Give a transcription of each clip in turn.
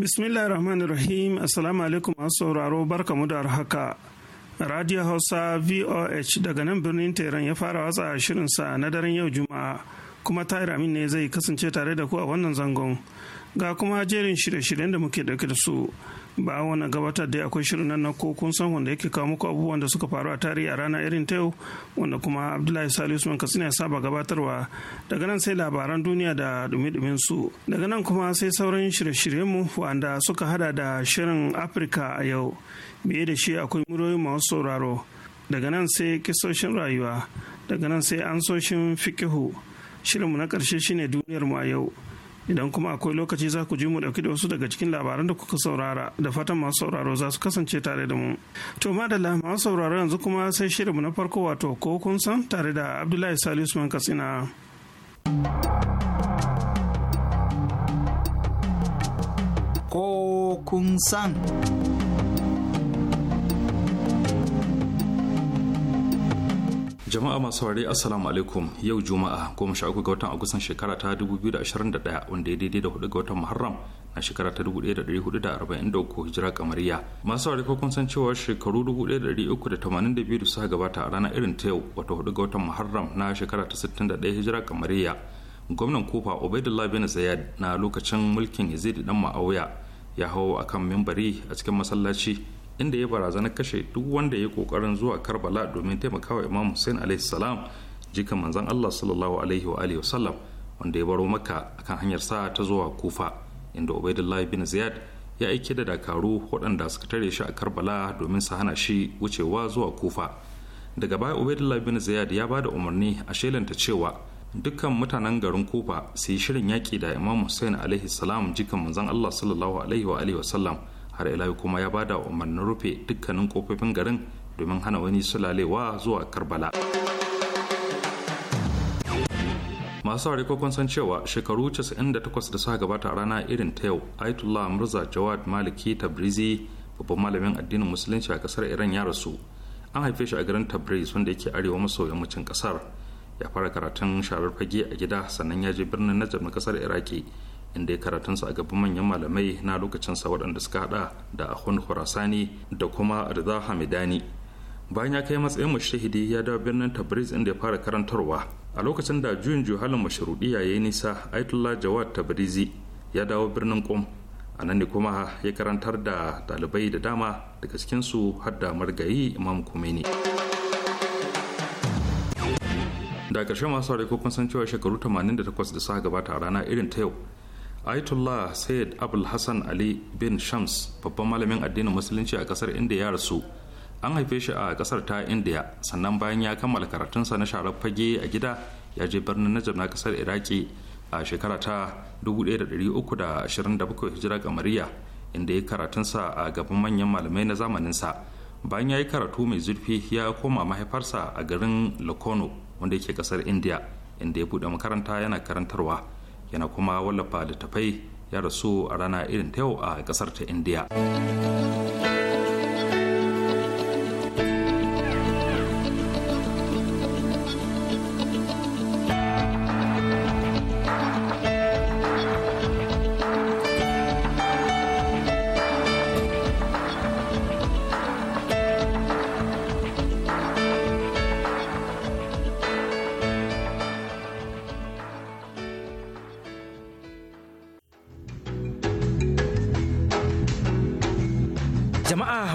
bismillah rahman rahim assalamu alaikum masu sauraro barka mu da haka radio hausa voh daga nan birnin tehran ya fara watsa shirinsa na daren yau juma'a kuma tahir amin ne zai kasance tare da ku a wannan zangon ga kuma jerin shirye-shiryen da muke dauke da su ba wannan gabatar da akwai shirin nan na kun san wanda yake kawo muku abubuwan da suka faru a tarihi a rana irin ta yau wanda kuma abdullahi Salisu usman katsina ya saba gabatarwa daga nan sai labaran duniya da dumi su daga nan kuma sai sauran shirye mu wanda suka hada da shirin afirka a yau biye da shi akwai muryoyi masu sauraro daga nan sai kisoshin rayuwa daga nan sai ansoshin fikihu shirinmu na ƙarshe shine duniyarmu a yau idan kuma akwai lokaci za ku ji mu dauki da wasu daga cikin labaran da kuka saurara da fatan masu sauraro za su kasance tare da mu to madalla masu sauraro yanzu kuma sai shirin na farko wato ko kun san tare da abdullahi salisu man katsina ko kun san jama'a masu saurari assalamu alaikum yau juma'a goma sha uku ga watan agustan shekara ta 2021 wanda ya daidai da hudu ga watan muharram na shekara ta 1443 hijira kamariya masu saurari ko kun san cewa shekaru 1382 da suka gabata a rana irin ta yau wata hudu ga watan muharram na shekara ta 61 hijira kamariya gwamnan kofa ubaidullah bin zayad na lokacin mulkin yazid dan ma'auya ya hau akan mimbari a cikin masallaci inda ya barazana kashe duk wanda ya kokarin zuwa karbala domin taimakawa imam hussein alaihi salam jikan manzan allah sallallahu alaihi wa alihi wasallam wanda ya baro maka akan hanyar sa ta zuwa kufa inda ubaidullahi bin ziyad ya aike da dakaru waɗanda suka tare shi a karbala domin su hana shi wucewa zuwa kufa daga baya ubaidullahi bin ziyad ya bada umarni a shelanta cewa dukkan mutanen garin kufa su yi shirin yaƙi da imam hussein alaihi salam jikan manzan allah sallallahu alaihi wa alihi wasallam har ila kuma ya bada umarnin rufe dukkanin kofofin garin domin hana wani sulalewa zuwa karbala masu saurari ko san cewa shekaru 98 da suka gabata a rana irin ta yau ayatollah murza jawad maliki tabrizi babban malamin addinin musulunci a kasar iran ya rasu an haife shi a garin tabriz wanda yake arewa maso yammacin kasar ya fara karatun sharar fage a gida sannan ya je birnin najar na kasar iraki inda ya karatunsa a gaban manyan malamai na lokacinsa waɗanda suka hada da ahun khurasani da kuma rida hamidani bayan ya kai matsayin mashahidi ya dawo birnin tabriz inda ya fara karantarwa a lokacin da juyin juhalin mashruɗi ya yi nisa aitullah jawad tabrizi ya dawo birnin qom a nan ne kuma ya karantar da ɗalibai da dama daga cikinsu har da margayi imam kumeni da ƙarshe masu ko kun san cewa shekaru 88 da suka gabata a rana irin ta yau Ayatollah Sayyid Abul Hassan Ali bin Shams babban malamin addinin musulunci a kasar India ya rasu. An haife shi a kasar ta Indiya sannan bayan ya kammala karatunsa na sharar fage a gida ya je birnin Najaf na kasar Iraki a shekara ta 1327 hijira kamariya inda ya karatunsa a gaban manyan malamai na zamaninsa. Bayan ya yi karatu mai zurfi ya koma mahaifarsa a garin Lokono wanda yake kasar India inda ya buɗe makaranta yana karantarwa. yana kuma wallafa littattafai ya rasu a rana irin ta yau a kasar ta indiya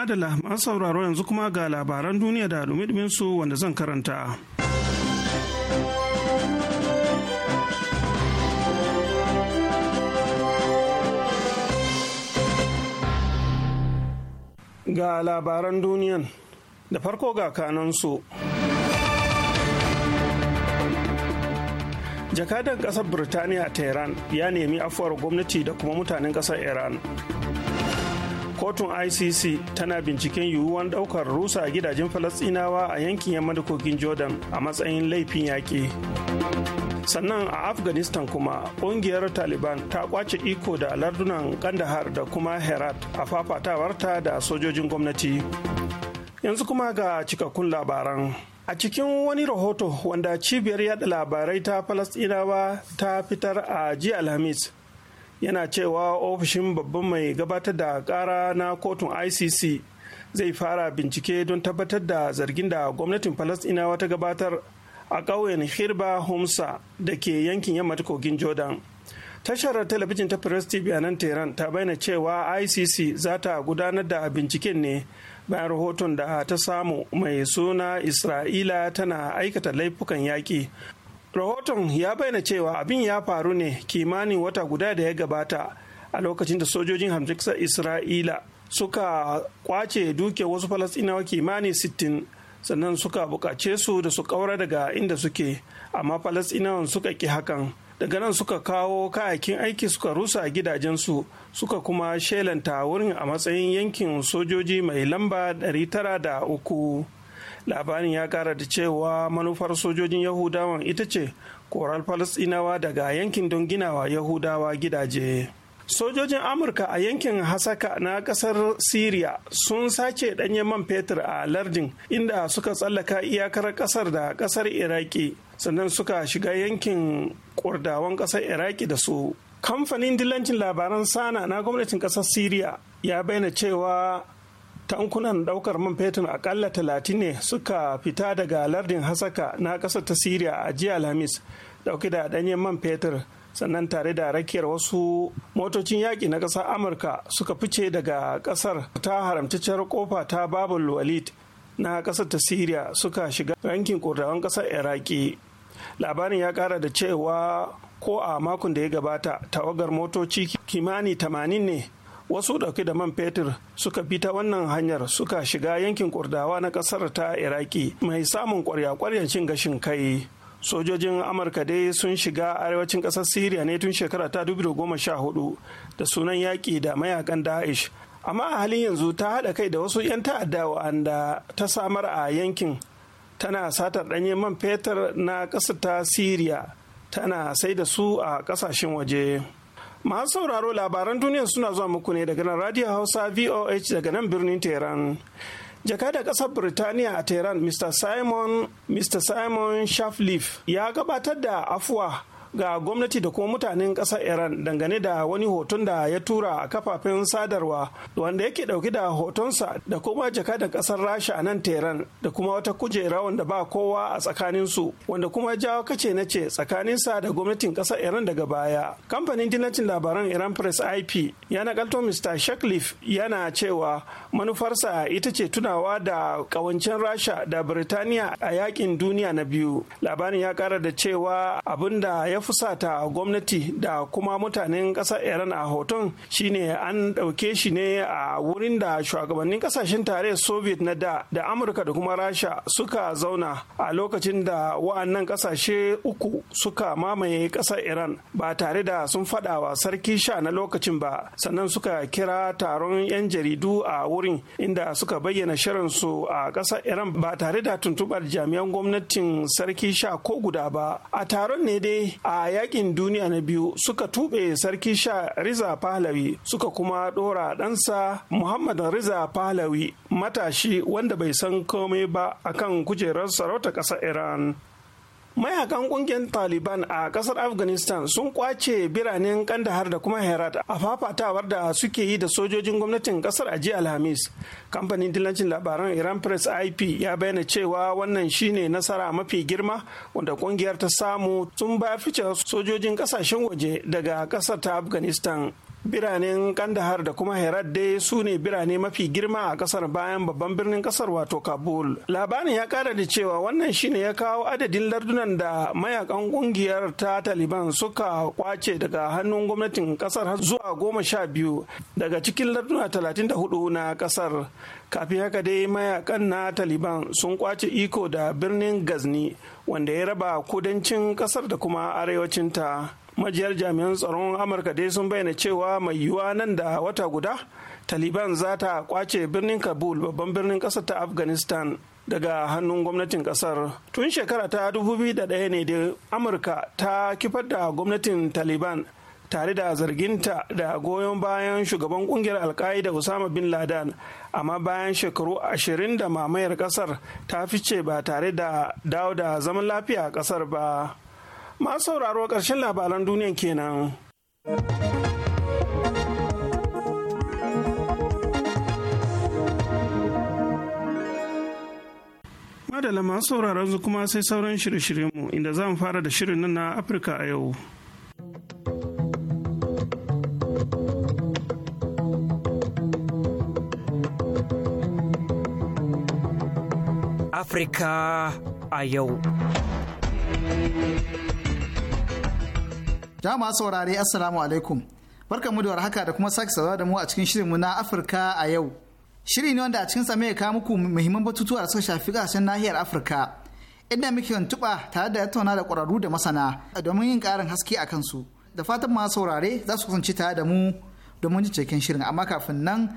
madala an sauraro yanzu kuma ga labaran duniya da dumi su wanda zan karanta. Ga labaran duniyan da farko ga kanansu. Jakadan ƙasar Birtaniya ta Tehran ya nemi afuwar gwamnati da kuma mutanen ƙasar Iran. kotun icc tana binciken yiwuwan daukar rusa a gidajen falasinawa a yankin yamma da kogin jordan a matsayin laifin yaƙi sannan a afghanistan kuma ƙungiyar taliban ta kwace iko da lardunan kandahar da kuma herat a fafatawarta da sojojin gwamnati yanzu kuma ga cikakkun labaran a cikin wani rahoto wanda cibiyar yada labarai ta falasinawa ta fitar a jiya alhamis yana cewa ofishin babban mai gabatar da kara na kotun icc zai fara bincike don tabbatar da zargin da gwamnatin Falasdina ta gabatar a ƙauyen hirba homsa da ke yankin yammata kogin jordan tashar talabijin ta press tv a nan tehran ta bayyana cewa icc za ta gudanar da binciken ne bayan rahoton da ta samu mai suna isra'ila tana aikata laifukan yaƙi rahoton ya bayyana cewa abin ya faru ne kimanin wata guda da ya gabata a lokacin da sojojin hamjiksar isra'ila suka kwace duke wasu falasɗinawa kimanin sittin sannan suka bukace su da su ƙaura daga inda suke amma falasɗinawan suka ki hakan daga nan suka kawo kayakin aiki suka rusa gidajensu suka kuma shelanta wurin a matsayin yankin sojoji mai lamba 903 labarin ya kara da cewa manufar sojojin yahudawan ita ce koral falasinawa daga yankin don ginawa yahudawa gidaje sojojin amurka a yankin hasaka na kasar syria sun sace danyen man fetur a lardin inda suka tsallaka iyakar kasar da kasar iraki sannan suka shiga yankin kurdawan kasar iraki da su kamfanin dilancin labaran sana na gwamnatin kasar syria ya bayyana cewa tankunan daukar man fetur akalla talatin ne suka fita daga lardin hasaka na ƙasar ta siriya a jiya alhamis dauke da ɗanyen man fetur sannan tare da rakiyar wasu motocin yaƙi na ƙasar amurka suka fice daga ƙasar ta haramtacciyar kofa ta babul walid na ƙasar ta siriya suka shiga yankin kurdawan ƙasar iraki labarin ya ƙara da cewa ko a makon da ya gabata tawagar motoci kimani 80 ne wasu dauke da man fetur suka bi ta wannan hanyar suka shiga yankin kurdawa na kasar ta iraki mai samun kwarya cin gashin kai sojojin amurka dai sun shiga arewacin kasar syria ne tun shekara ta 2014 da sunan yaƙi da mayakan Da'ish. amma a halin yanzu ta haɗa kai da wasu 'yan ta'adda wa'anda ta samar a yankin tana satar ɗanyen man fetur na ƙasar ta syria tana sai da su a ƙasashen waje. Masu sauraro labaran duniya suna zuwa muku ne daga nan Radio Hausa VOH daga nan birnin Tehran. Jaka da ƙasar Birtaniya a Tehran Mr. Simon Mr. Simon Shafleaf ya gabatar da afuwa ga gwamnati da kuma mutanen ƙasar iran dangane da wani hoton da ya tura a kafafen sadarwa wanda yake ɗauki da hotonsa da kuma jakadan ƙasar rasha a nan teran da kuma wata kujera wanda ba kowa a tsakaninsu wanda kuma jawo kace na ce tsakaninsa da gwamnatin ƙasar iran daga baya kamfanin dinacin labaran iran press ip ya nakalto mr shaklif yana cewa manufarsa ita ce tunawa da ƙawancen rasha da birtaniya a yakin duniya na biyu labarin ya kara da cewa abin da ya ya fusata gwamnati da kuma mutanen ƙasar iran a hoton shine an ɗauke shi ne a wurin da shugabannin ƙasashen tarayyar soviet na da da amurka da kuma rasha suka zauna a lokacin da wa'annan ƙasashe uku suka mamaye ƙasar iran ba tare da sun faɗa wa sarki sha na lokacin ba sannan suka kira taron 'yan jaridu a wurin inda suka bayyana shirinsu a ƙasar iran ba tare da tuntuɓar jami'an gwamnatin sarki sha ko guda ba a taron ne dai a yakin duniya na biyu suka tuɓe sarki sha Riza pahlawi suka kuma ɗora ɗansa Muhammad Riza pahlawi matashi wanda bai san komai ba akan kujerar sarauta ƙasar Iran. mayakan kungiyar taliban a kasar afghanistan sun kwace biranen kandahar da kuma herat a fafatawar da suke yi da sojojin gwamnatin kasar a jiya alhamis kamfanin dillancin labaran iran press ip ya bayyana cewa wannan shine nasara mafi girma wanda kungiyar ta samu tun ba fice sojojin kasashen waje daga kasar ta afghanistan Biranen Kandahar da kuma Herat dai su ne birane mafi girma a kasar bayan babban birnin kasar wato Kabul. Labarin ya kara da cewa wannan shine ya kawo adadin lardunan da mayakan kungiyar ta Taliban suka kwace daga hannun gwamnatin kasar har zuwa goma sha biyu daga cikin larduna talatin da hudu na kasar. Kafin haka dai mayakan na Taliban sun kwace iko da birnin Gazni wanda ya raba kudancin kasar da kuma arewacinta. majiyar jami'an tsaron amurka dai sun bayyana cewa mai yiwuwa nan da wata guda taliban za ta kwace birnin kabul babban birnin kasar ta afghanistan daga hannun gwamnatin kasar tun shekara ta da daya ne da amurka ta kifar da gwamnatin taliban tare da zarginta da goyon bayan shugaban kungiyar alka'ida usama bin laden amma bayan shekaru ashirin da mamayar kasar ta fice ba tare da dawo da zaman lafiya a kasar ba masu sauraro ƙarshen labaran duniya kenan. Madala masu sauraron su kuma sai sauran shirye-shiryenmu inda za mu fara da shirin nan na Afirka a yau. Afirka a yau. ma saurare Assalamu alaikum. Barkanmu da haka da kuma sake saurara da mu a cikin shirinmu na Afirka a yau. Shiri ne wanda a cikin ya kawo muku muhimman batutuwa da suka shafi kasashen nahiyar Afirka. Inda muke tuntuɓa tare da tattauna da ƙwararru da masana domin yin ƙarin haske a kansu. Da fatan ma saurare za su kasance tare da mu domin jin cikin shirin amma kafin nan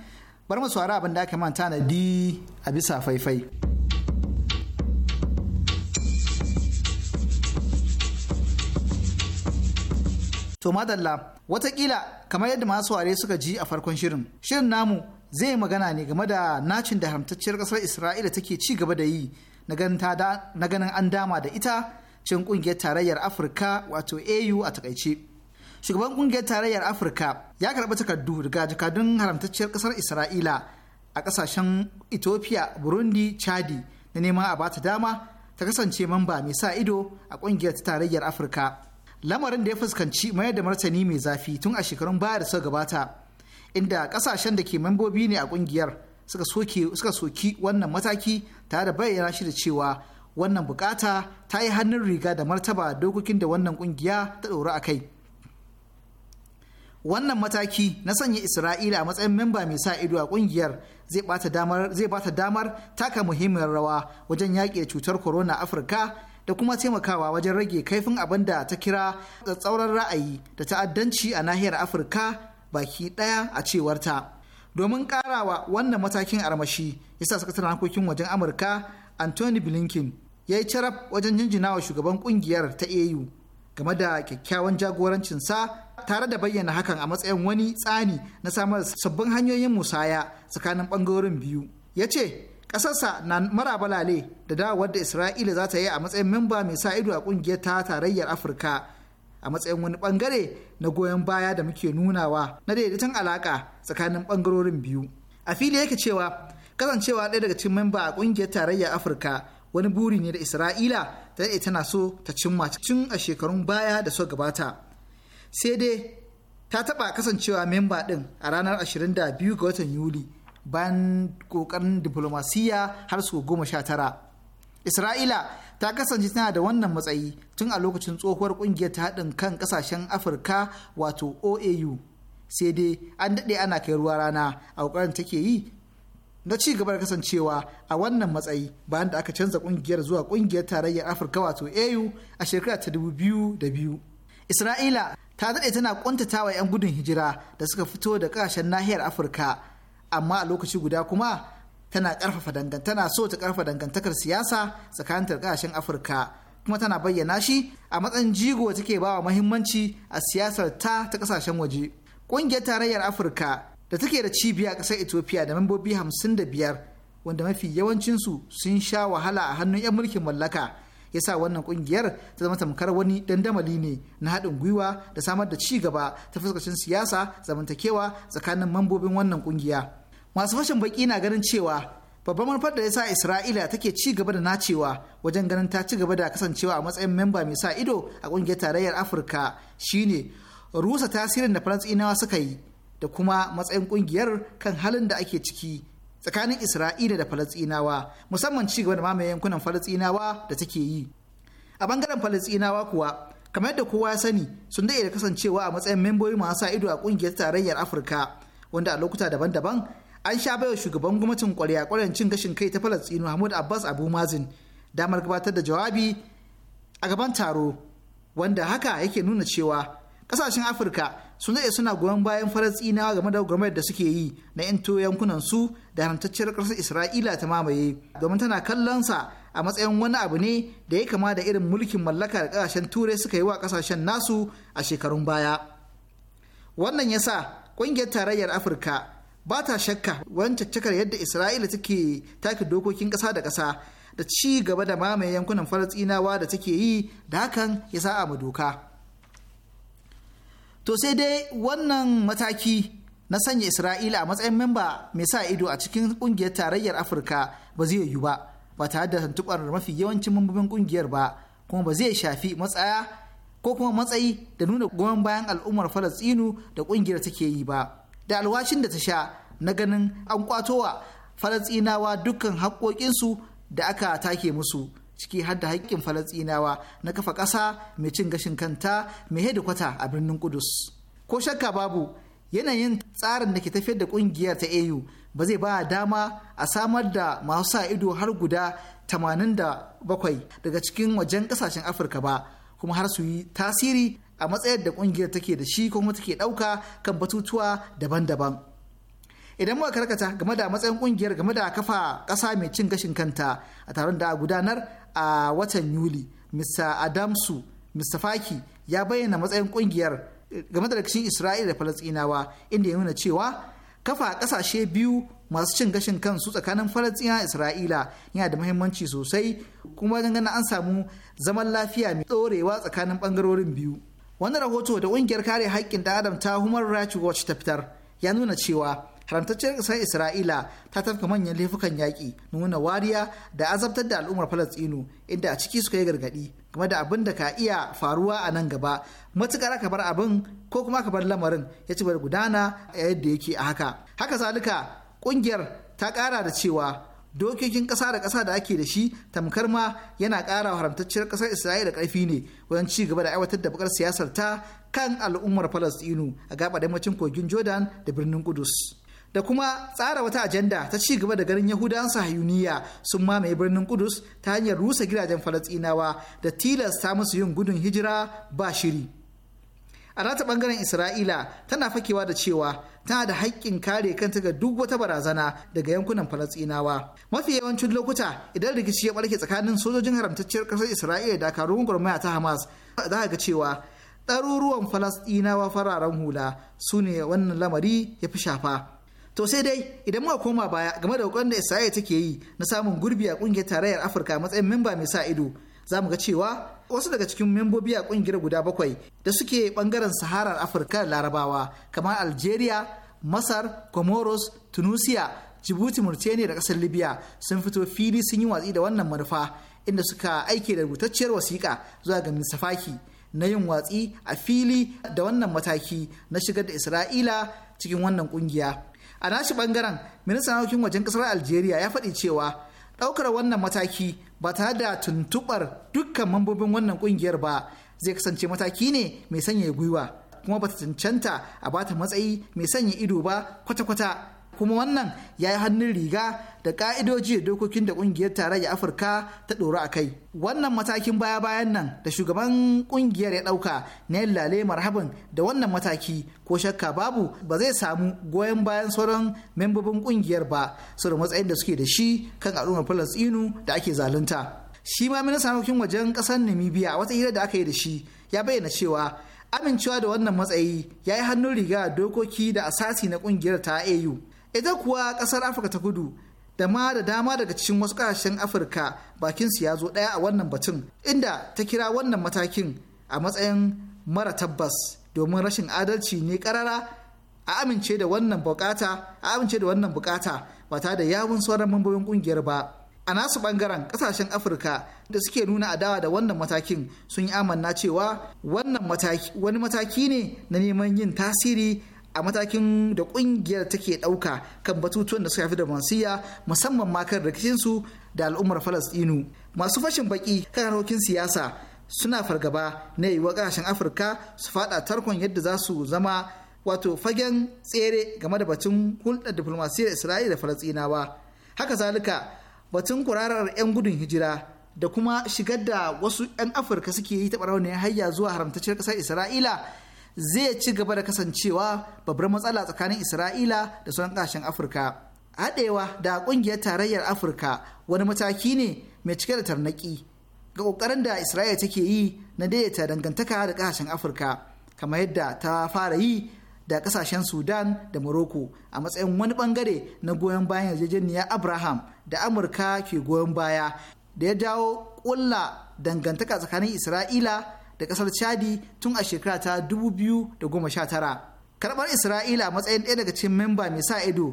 bar mu saurari abin da aka manta na di a bisa faifai. To madalla watakila kamar yadda masu ware suka ji a farkon shirin. Shirin namu zai magana ne game da nacin da haramtacciyar ƙasar Isra'ila take ci gaba da yi na ganin an dama da ita cin ƙungiyar tarayyar Afirka wato AU a takaice. Shugaban ƙungiyar tarayyar Afirka ya karɓi takardu daga jakadun haramtacciyar ƙasar Isra'ila a ƙasashen Ethiopia, Burundi, Chadi na neman a bata dama ta kasance mamba mai sa ido a ƙungiyar tarayyar Afirka. lamarin da ya fuskanci mayar da martani mai zafi tun a shekarun baya da suka gabata inda kasashen da ke membobi ne a kungiyar suka soki wannan mataki tare da bayyana shi da cewa wannan bukata ta yi hannun riga da martaba dokokin da wannan kungiya ta ɗora a kai wannan mataki na sanya isra'ila a matsayin memba mai sa ido a kungiyar zai bata damar taka muhimmiyar rawa wajen yaƙi da cutar corona afirka da kuma taimakawa wajen rage kaifin abin da ta kira tsatsauran ra'ayi da ta'addanci a nahiyar afirka baki ɗaya a cewarta domin ƙarawa wannan matakin armashi yasa sakataren harkokin wajen amurka anthony blinken ya yi carab wajen jinjinawa shugaban kungiyar ta au game da kyakkyawan jagorancinsa tare da bayyana hakan a matsayin wani tsani na samar sabbin hanyoyin musaya tsakanin ɓangarorin biyu ya ce ƙasarsa na mara marabalale da dawowar da isra'ila za ta yi a matsayin memba mai sa ido a ƙungiyar ta tarayyar afirka a matsayin wani bangare na goyon baya da muke nunawa na daidaiton alaka tsakanin bangarorin biyu a fili yake cewa kasancewa ɗaya daga cikin memba a ƙungiyar tarayyar afirka wani buri ne da isra'ila ta daɗe tana so ta cimma tun a shekarun baya da suka gabata sai dai ta taɓa kasancewa memba ɗin a ranar 22 ga watan yuli bayan kokarin diplomasiya har su goma sha tara isra'ila ta kasance tana da wannan matsayi tun a lokacin tsohuwar ƙungiyar ta haɗin kan ƙasashen afirka wato oau sai dai an daɗe ana kai ruwa rana a ƙoƙarin take yi na ci gaba da kasancewa a wannan matsayi bayan da aka canza ƙungiyar zuwa ƙungiyar tarayyar afirka wato au a shekara ta dubu biyu. isra'ila ta daɗe tana ƙuntatawa 'yan gudun hijira da suka fito da ƙasashen nahiyar afirka amma a lokaci guda kuma tana karfafa dangantana so ta karfafa dangantakar siyasa tsakanin kasashen afirka kuma tana bayyana shi a matsayin jigo take bawa mahimmanci a siyasar ta ta kasashen waje ƙungiyar tarayyar afirka da take da cibiya a ƙasar ethiopia da membobi hamsin da biyar wanda mafi yawancinsu sun sha wahala a hannun 'yan mulkin mallaka ya sa wannan kungiyar ta zama tamkar wani dandamali ne na haɗin gwiwa da samar da ci gaba ta fuskacin siyasa zamantakewa tsakanin mambobin wannan kungiya masu fashin baki na ganin cewa babban manufar da ya sa isra'ila take ci gaba da nacewa wajen ganin ta ci gaba da kasancewa a matsayin memba mai sa ido a kungiyar tarayyar afirka shine rusa tasirin da farantsinawa suka yi da kuma matsayin kungiyar kan halin da ake ciki tsakanin isra'ila da falasɗinawa musamman ci gaba da mamaye yankunan falasɗinawa da take yi a bangaren falasɗinawa kuwa kamar yadda kowa ya sani sun daɗe da kasancewa a matsayin membobi masu sa ido a kungiyar tarayyar afirka wanda a lokuta daban-daban an sha baiwa shugaban gwamnatin kwarya kwaryan cin gashin kai ta falastinu hamud abbas abu mazin damar gabatar da jawabi a gaban taro wanda haka yake nuna cewa kasashen afirka sun daɗe suna goyon bayan falastinawa game da gwamnati da suke yi na into yankunan su da haramtacciyar ƙasar isra'ila ta mamaye domin tana kallon sa a matsayin wani abu ne da ya kama da irin mulkin mallaka da kasashen turai suka yi wa kasashen nasu a shekarun baya wannan yasa ƙungiyar tarayyar afirka ba ta shakka wancan cakar yadda isra'ila take take dokokin ƙasa da ƙasa da ci gaba da mamaye yankunan falasɗinawa da take yi da hakan ya sa a doka to sai dai wannan mataki na sanya isra'ila a matsayin memba mai sa ido a cikin kungiyar tarayyar afirka ba zai yiwu ba ba tare da tuntubar mafi yawancin mambobin kungiyar ba kuma ba zai shafi matsaya ko kuma matsayi da nuna goyon bayan al'ummar falastinu da kungiyar take yi ba da alwashin da ta sha na ganin an kwatowa falasinawa dukkan haƙoƙinsu da aka take musu ciki har da haƙƙin falasinawa na kafa ƙasa mai cin gashin kanta mai hedikwata a birnin kudus ko shakka babu yanayin tsarin da ke tafiyar da ƙungiyar ta au ba zai ba dama a samar da masu sa ido har guda 87 daga cikin wajen ƙasashen afirka ba kuma har su yi tasiri a matsayar da kungiyar take da shi kuma take dauka kan batutuwa daban-daban idan muka karkata game da matsayin kungiyar game da kafa kasa mai cin gashin kanta a taron da gudanar a watan yuli mr adamsu mr faki ya bayyana matsayin kungiyar eh, game da rikicin isra'ila da falastinawa inda ya nuna cewa kafa kasashe biyu masu cin gashin kansu tsakanin falastina isra'ila yana da muhimmanci sosai kuma gangana an samu zaman lafiya mai tsorewa tsakanin bangarorin biyu wani rahoto da ƙungiyar kare haƙƙin da adam ta human rights watch ta fitar ya nuna cewa haramtacciyar ƙasar isra'ila ta tafka manyan laifukan yaƙi nuna wariya da azabtar da al'ummar falastinu inda a ciki suka yi gargaɗi game da abin da ka iya faruwa a nan gaba matuƙar aka bar abin ko kuma aka bar lamarin ya ci bar gudana a yadda yake a haka haka zalika ƙungiyar ta ƙara da cewa dokokin ƙasa da ƙasa da ake da shi tamkar ma yana ƙara haramtacciyar ƙasar isra'ila karfi ne wajen ci gaba da aiwatar da bakar siyasar ta kan al'ummar falastinu a gaba yammacin kogin jordan da birnin kudus da kuma tsara wata ajanda ta ci gaba da garin yahudan sahayuniya sun mamaye birnin kudus ta hanyar rusa gidajen falastinawa da tilasta musu yin gudun hijira ba shiri a nata bangaren isra'ila tana fakewa da cewa tana da haƙƙin kare kanta ga duk wata barazana daga yankunan falasɗinawa mafi yawancin lokuta idan rikici ya ɓarke tsakanin sojojin haramtacciyar ƙasar isra'ila da karuwan gwamnati ta hamas za ga cewa ɗaruruwan falasɗinawa fararen hula su ne wannan lamari ya fi shafa to sai dai idan muka koma baya game da da isra'ila take yi na samun gurbi a ƙungiyar tarayyar afirka matsayin memba mai sa ido za mu ga cewa wasu daga cikin membobi a kungiyar guda bakwai da suke bangaren saharar afirka da larabawa kamar algeria masar comoros tunisia jibuti murtaniya da kasar libya sun fito fili sun yi watsi da wannan manufa inda suka aike da rubutacciyar wasiƙa zuwa ga misafaki na yin watsi a fili da wannan mataki na shigar da isra'ila cikin wannan kungiya a nashi bangaren ministan harkokin wajen kasar algeria ya faɗi cewa ɗaukar wannan mataki ba tare da tuntuɓar dukkan mambobin wannan ƙungiyar ba zai kasance mataki ne mai sanya gwiwa kuma ba ta cancanta a bata matsayi mai sanya ido ba kwata-kwata kuma wannan ya yi hannun riga da ka'idoji da dokokin da kungiyar da afirka ta ɗora a kai wannan matakin baya bayan nan da shugaban kungiyar ya ɗauka na yin lale marhaban da wannan mataki ko shakka babu ba zai samu goyon bayan sauran membobin kungiyar ba su da matsayin da suke da shi kan al'ummar falastinu da ake zalunta shi ma ministan harkokin wajen ƙasar namibia wata hira da aka yi da shi ya bayyana cewa amincewa da wannan matsayi ya yi hannun riga dokoki da asasi na kungiyar ta au ita kuwa ƙasar afirka ta gudu, da ma da dama daga cikin wasu ƙasashen afirka su ya zo ɗaya a wannan batun inda ta kira wannan matakin a matsayin mara tabbas domin rashin adalci ne karara a amince da wannan bukata a amince da wannan bukata ba ta da yawun sauran mambobin ƙungiyar ba a nasu ɓangaren ƙasashen afirka da suke nuna adawa da wannan matakin sun yi amanna cewa wannan mataki wani mataki ne na neman yin tasiri a matakin da kungiyar take dauka kan batutuwan da suka fi da mansiya musamman ma kan su da al'ummar falastinu masu fashin baki kan harkokin siyasa suna fargaba na wa kasashen afirka su fada tarkon yadda za su zama wato fagen tsere game da batun hulɗar diplomasiyyar isra'ila da falastinawa haka zalika batun kurarar 'yan gudun hijira da kuma shigar da wasu 'yan afirka suke yi ta barauniyar hayya zuwa haramtacciyar ƙasar isra'ila zai ci gaba da kasancewa babbar matsala tsakanin isra'ila da sauran kasashen afirka haɗewa da ƙungiyar tarayyar afirka wani mataki ne mai cike da tarnaki. ga ƙoƙarin da isra'ila take yi na daidaita dangantaka da kasashen afirka kamar yadda ta fara yi da ƙasashen sudan da morocco a matsayin wani bangare na goyon bayan yarjejeniyar abraham da amurka ke goyon baya da ya dawo ƙulla dangantaka tsakanin isra'ila da kasar chadi tun a shekara ta 2019 karbar isra'ila a matsayin ɗaya daga cikin memba mai sa ido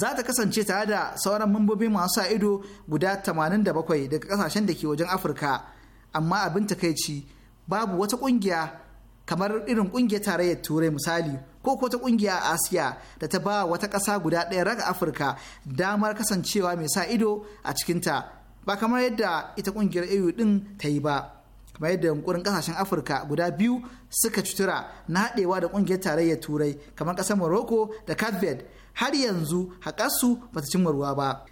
za ta kasance tare da sauran mambobi masu sa ido guda 87 daga kasashen da ke wajen afirka amma abin takaici babu wata ƙungiya kamar irin ƙungiyar tarayyar turai misali ko wata ƙungiya a asiya da ta ba wata ƙasa guda ɗaya raga afirka damar kasancewa mai sa ido a cikinta ba kamar yadda ita ƙungiyar au ɗin ta yi ba kamar yadda yunkurin kasashen afirka guda biyu suka cutura na haɗewa da ƙungiyar tarayyar turai kamar ƙasar morocco da cape har yanzu haƙarsu ba ta cimma ruwa ba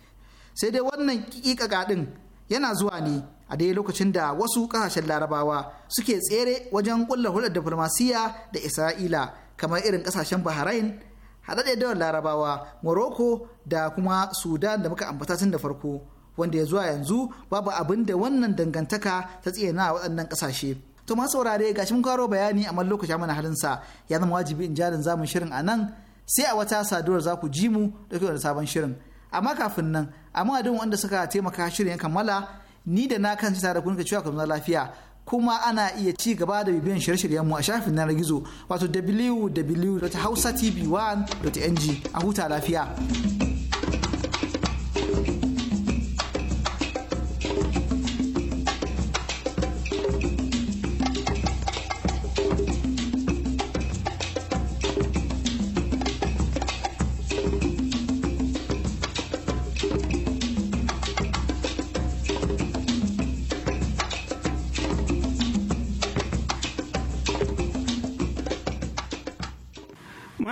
sai dai wannan ƙiƙaƙa ɗin yana zuwa ne a dai lokacin da wasu ƙasashen larabawa suke tsere wajen ƙulla hulɗar diflomasiyya da isra'ila kamar irin ƙasashen bahrain haɗaɗɗiyar larabawa morocco da kuma sudan da muka ambata tun da farko wanda ya zuwa yanzu babu abin da wannan dangantaka ta tsaye a waɗannan ƙasashe. To masu saurare ga mun karo bayani amma lokaci mana halin sa ya zama wajibi in jarin zamun shirin a nan sai a wata saduwar za ku ji mu da da sabon shirin. Amma kafin nan amma duk wanda suka taimaka shirin ya kammala ni da na kan tare da ka cewa ku zama lafiya kuma ana iya ci gaba da bibiyan shirye-shiryen mu a shafin yanar gizo wato www.hausatv1.ng a huta lafiya.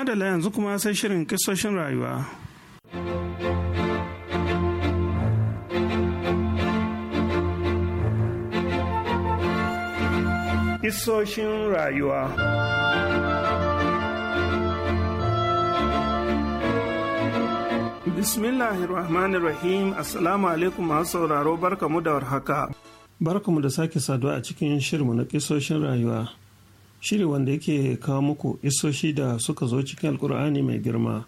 madala yanzu kuma sai shirin kisoshin rayuwa. Kisoshin rayuwa Bismillahirrahmanirrahim Assalamu alaikum masu sauraro barkamu da warhaka. Barkamu da sake saduwa a cikin shirmu na kisoshin rayuwa. shiri wanda yake kawo muku isoshi da suka zo cikin alkur'ani mai girma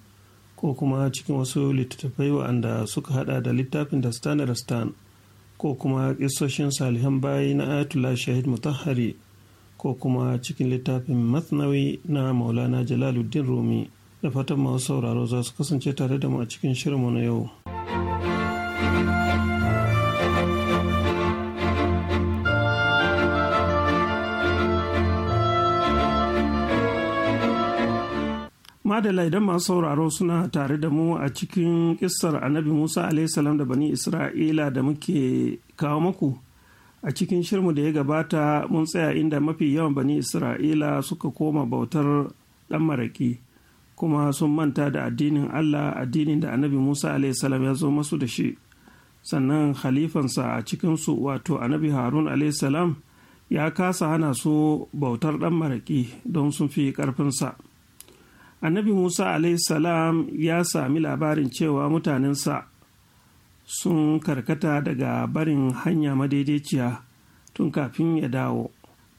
ko kuma cikin wasu littattafai wa'anda suka hada da littafin da stanar stan ko kuma isoshin salihan bayi na ayatollah shahid mutahari ko kuma cikin littafin matsnawi na maulana jalaluddin rumi da fatan masu sauraro za su kasance tare da mu a cikin shirinmu na yau madalla idan masu sauraro suna tare da mu a cikin kissar annabi musa salam da bani isra'ila da muke kawo muku a cikin shirmu da ya gabata mun tsaya inda mafi yawan bani isra'ila suka koma bautar dan maraƙi kuma sun manta da addinin allah addinin da annabi musa salam ya zo masu da shi sannan halifansa a cikinsu wato annabi harun salam ya kasa hana su bautar dan maraƙi don sun fi ƙarfinsa. annabi musa salam ya sami labarin cewa mutanensa sun karkata daga barin hanya madaidaiciya tun kafin ya dawo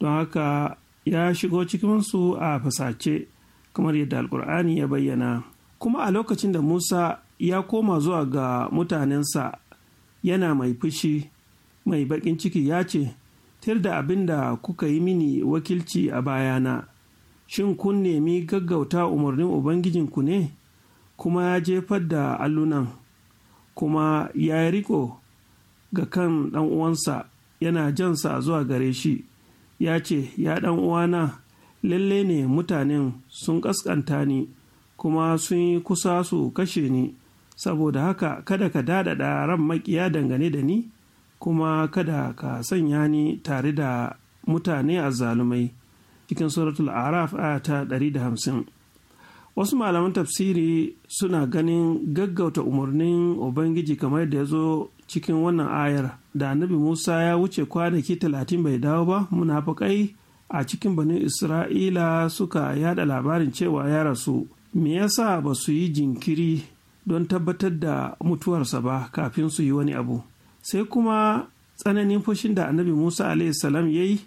don haka ya shigo cikinsu a fasace kamar yadda alkur'ani ya bayyana kuma a lokacin da musa ya koma zuwa ga mutanensa yana mai fushi mai baƙin ciki ya ce tir da abin da kuka yi mini wakilci a bayana shin kun nemi gaggauta umarnin ubangijinku ne kuma ya jefar da allunan kuma ya riko ga kan ɗan uwansa yana jansa zuwa gare shi ya ce ya ɗan uwana lalle ne mutanen sun ƙasƙanta ni kuma sun yi kusa su kashe ni saboda haka kada ka daɗaɗa ran maƙiya dangane da ni kuma kada ka sanya ni tare da mutane a zalumai cikin suratul araf aya ta da hamsin. wasu malaman tafsiri suna ganin gaggauta umarnin ubangiji kamar da ya zo cikin wannan ayar da annabi musa ya wuce kwanaki talatin bai dawo ba munafakai a cikin banin isra'ila suka yada labarin cewa ya rasu me yasa ba su yi jinkiri don tabbatar da mutuwarsa ba kafin su yi wani abu sai kuma tsananin fushin da annabi musa salam ya yi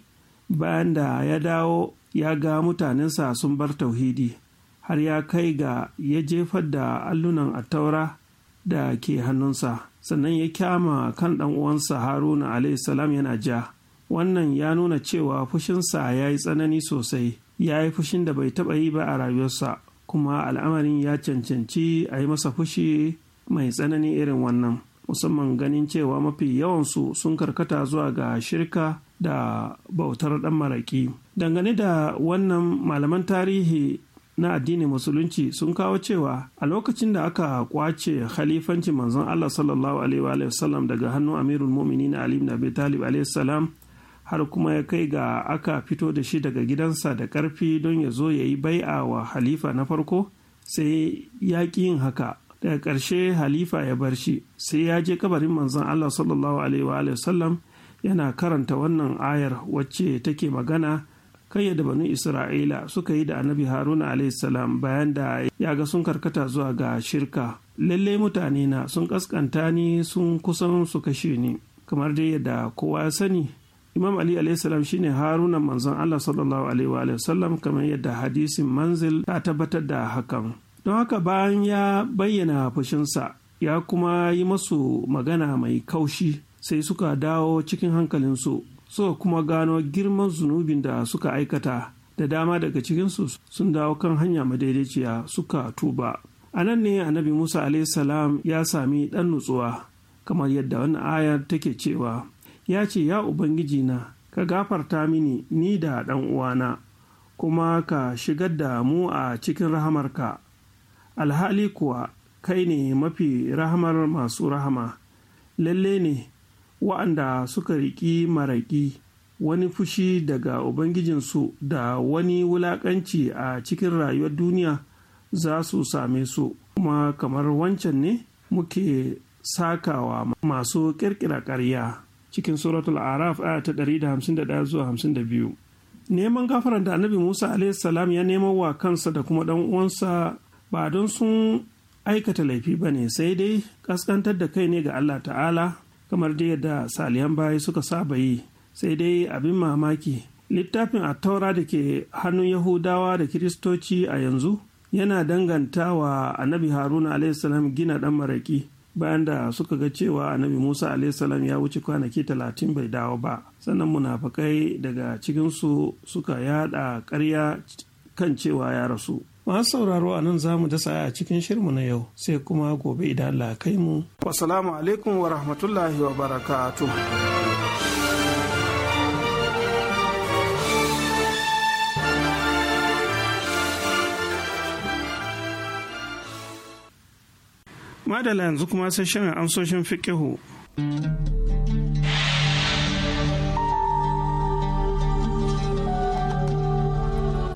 bayan da ya dawo ya ga mutanensa sun bar tauhidi har ya kai ga ya jefar da allunan attaura da ke hannunsa sannan ya kyama kan ɗan uwansa haruna salam yana ja wannan ya nuna cewa fushinsa ya yi tsanani sosai ya yi fushin da bai taɓa yi ba a rayuwarsa kuma al'amarin ya cancanci a yi masa fushi mai tsanani irin wannan musamman ganin cewa mafi yawansu sun karkata zuwa ga shirka da bautar ɗan maraƙi dangane da wannan malaman tarihi na addinin musulunci sun kawo cewa a lokacin da aka kwace khalifanci manzon Allah sallallahu alaihi wa sallam daga hannun amirul muminin Ali ibn Abi Talib alaihi salam har kuma ya kai ga aka fito da shi daga gidansa da karfi don ya zo ya yi bai'a wa halifa na farko sai ya ƙi yin haka daga ƙarshe halifa ya bar shi sai ya je kabarin manzon allah sallallahu alaihi wa sallam yana karanta wannan ayar wacce take magana kayyada banu isra'ila suka yi da annabi haruna salam bayan da ya ga sun karkata zuwa ga shirka lallai mutane na sun kaskanta ni sun kusan su kashe ni kamar dai yadda kowa ya sani imam ali salam shine haruna manzon allah sallallahu alaihi wa sallam kamar yadda hadisin manzil ta tabbatar da hakan don haka bayan ya bayyana fushinsa ya kuma yi masu magana mai kaushi sai suka dawo cikin hankalinsu suka kuma gano girman zunubin da suka aikata da dama daga cikinsu sun dawo kan hanya madaidaiciya suka tuba a nan ne annabi musa salam ya sami ɗan nutsuwa kamar yadda wani ayar take cewa ya ce ya ubangiji na ka gafarta mini ni da ɗan uwana kuma ka shigar da mu a cikin rahamarka alhali kuwa kai ne mafi rahamar masu rahama lalle ne wa'anda suka riƙi maraƙi wani fushi daga ubangijinsu da wani wulaƙanci a cikin rayuwar duniya za su same su kuma kamar wancan ne muke sakawa masu ƙirƙira ƙarya cikin suratul araf aya ta 151 zuwa 52 neman gafaran da annabi musa salam ya nemo wa kansa da kuma ɗan uwansa ba don sun aikata laifi ba ne sai dai kaskantar da kai ne ga allah ta'ala kamar da yadda saliyan bayi suka saba yi sai dai abin mamaki littafin a taura da ke hannun yahudawa da kiristoci a yanzu yana danganta wa annabi haruna alaihissalam gina dan maraki bayan da suka ga cewa annabi musa alaihissalam ya wuce kwanaki talatin bai dawo ba sannan munafakai daga cikinsu suka yada karya kan cewa ya rasu masu sauraro a nan za mu dasa a cikin shirmu na yau sai kuma gobe idan Allah kai mu wasalamu alaikum wa rahmatullahi wa barakatu. madala yanzu kuma sai shirin amsoshin fikihu.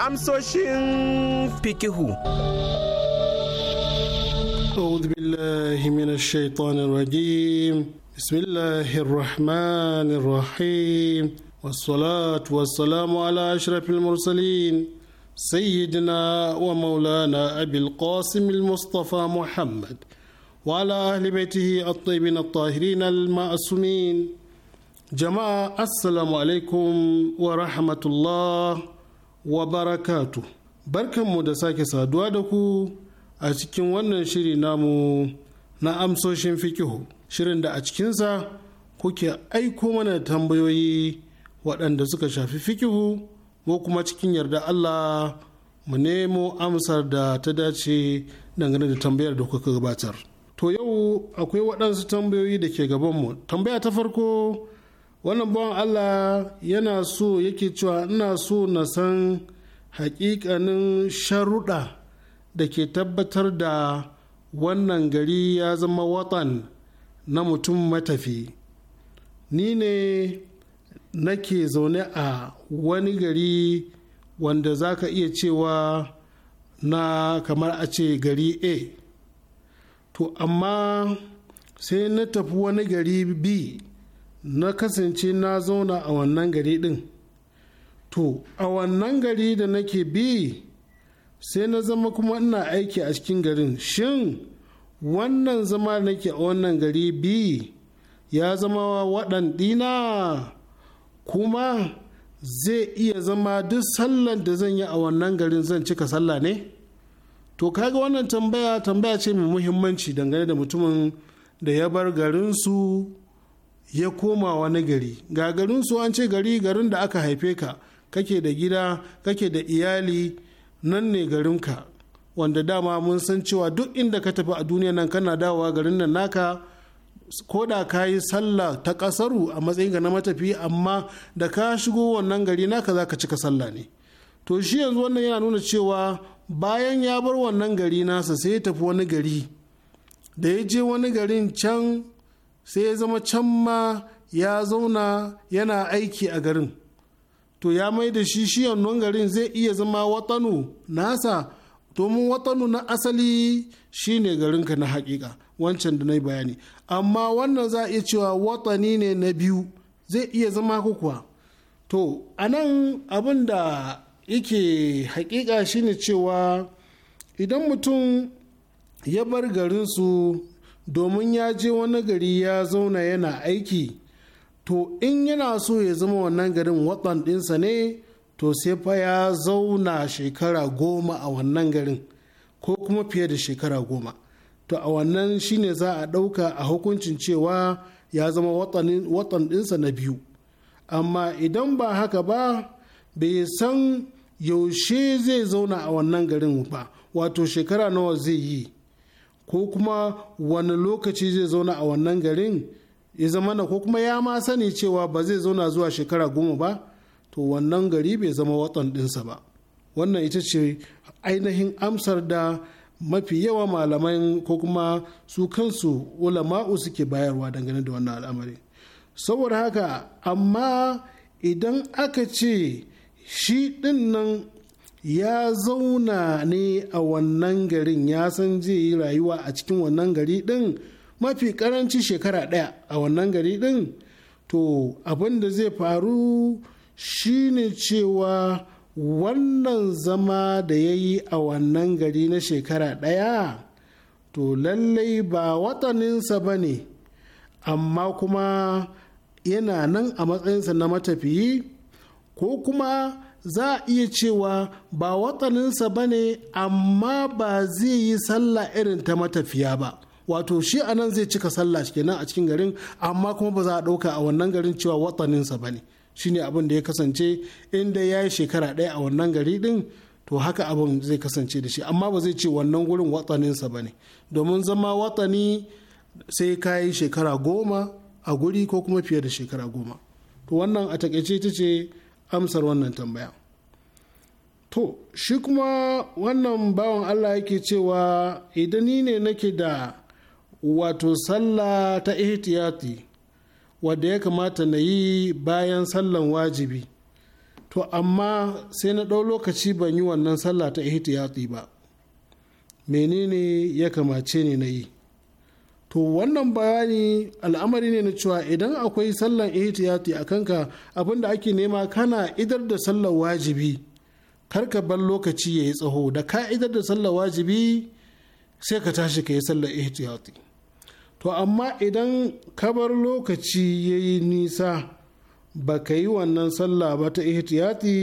amsoshin fikihu. أعوذ بالله من الشيطان الرجيم بسم الله الرحمن الرحيم والصلاة والسلام على أشرف المرسلين سيدنا ومولانا أبي القاسم المصطفى محمد وعلى أهل بيته الطيبين الطاهرين المعصومين جماعة السلام عليكم ورحمة الله wa barakatu barkanmu da sake saduwa da ku a cikin wannan shiri namu na amsoshin fikihu shirin da a cikinsa kuke aiko mana tambayoyi waɗanda suka shafi fikihu ko kuma cikin yarda Allah mu nemo amsar da ta dace dangane da tambayar da kuka gabatar. To yau akwai waɗansu tambayoyi da ke gabanmu. Tambaya ta farko wannan bawan allah yana so yake cewa ina so na san hakikanin sharuɗa da ke tabbatar da wannan gari ya zama watan na mutum matafi ni ne nake zaune a wani gari wanda za ka iya cewa na kamar a ce gari a to amma sai na tafi wani gari b na kasance na zauna a wannan gari ɗin to a wannan gari da nake bi sai na zama kuma ina aiki a cikin garin shin wannan zama da nake a wannan gari bi ya zama waɗanɗina kuma zai iya zama duk sallan da zan yi a wannan garin zan cika sallah ne to kaga wannan tambaya tambaya ce mai muhimmanci dangane da mutumin da ya bar garinsu ya koma wani gari ga garinsu an ce gari garin da aka haife ka kake da gida kake da iyali nan ne ka wanda dama mun san cewa duk inda ka tafi a duniya nan kana dawowa garin nan naka ko da ka yi sallah ta kasaru a matsayinka na matafi amma da ka shigo wannan gari naka za ka cika sallah ne to shi yanzu wannan yana nuna cewa bayan ya bar wannan gari nasa sai ya tafi wani gari da ya je wani garin can sai ya zama can ma ya zauna yana aiki a garin to ya mai da shi shi wannan garin zai iya zama watanu nasa domin watanu na asali shine garinka na hakika wancan da na bayani amma wannan za a iya cewa watani ne na biyu zai iya zama kuwa to a nan abin da yake hakika shine cewa idan mutum ya bar garinsu domin ya je wani gari ya zauna yana aiki to in yana so ya zama wannan garin watsan ɗinsa ne to sai fa ya zauna shekara goma a wannan garin ko kuma fiye da shekara goma to a wannan shine za a ɗauka a hukuncin cewa ya zama watan ɗinsa na biyu amma idan ba haka ba bai san yaushe zai zauna a wannan garin ba wato shekara nawa zai yi ko kuma wani lokaci zai zauna a wannan garin ya zama na ko kuma ya ma sani cewa ba zai zauna zuwa shekara goma ba to wannan gari bai zama watan ɗinsa ba wannan ita ce ainihin amsar da mafi yawa malamai ko kuma su kansu ulama'u suke bayarwa dangane da wannan al'amari saboda haka amma idan aka ce shi ɗin nan ya zauna ne a wannan garin ya san zai rayuwa a cikin wannan gari ɗin mafi karanci shekara ɗaya a wannan gari ɗin to abin da zai faru shine cewa wannan zama da ya yi a wannan gari na shekara ɗaya to lallai ba wataninsa ba ne amma kuma yana nan a matsayinsa na matafiyi ko kuma za a iya cewa ba watsalinsa ba ne amma ba zai yi sallah irin ta matafiya ba wato shi a nan zai cika sallah kenan a cikin garin amma kuma ba za a ɗauka a wannan garin cewa watsalinsa ba ne Shi ne abin da ya kasance inda ya yi shekara ɗaya a wannan gari ɗin to haka abin zai kasance da shi amma ba zai ce wannan wurin watsaninsa ba ne domin zama watsani sai ka yi shekara goma a guri ko kuma fiye da shekara goma to wannan a takaice ta ce amsar wannan tambaya to shi kuma wannan bawan allah yake cewa idan ni ne nake da wato sallah ta ihtiyati wadda ya kamata na yi bayan sallan wajibi to amma sai na ɗau lokaci ban yi wannan sallah ta ihtiyati ba menene ya kamace ne na yi to wannan bayani al'amari ne na cewa idan akwai sallan ihtiyati a kanka abinda ake nema kana idar da sallar wajibi karka bar lokaci ya yi tsaho da ka idar da sallar wajibi sai ka tashi ka yi sallar ihtiyati to amma idan ka bar lokaci ya yi nisa ba ka yi wannan sallah ba ta ihtiyati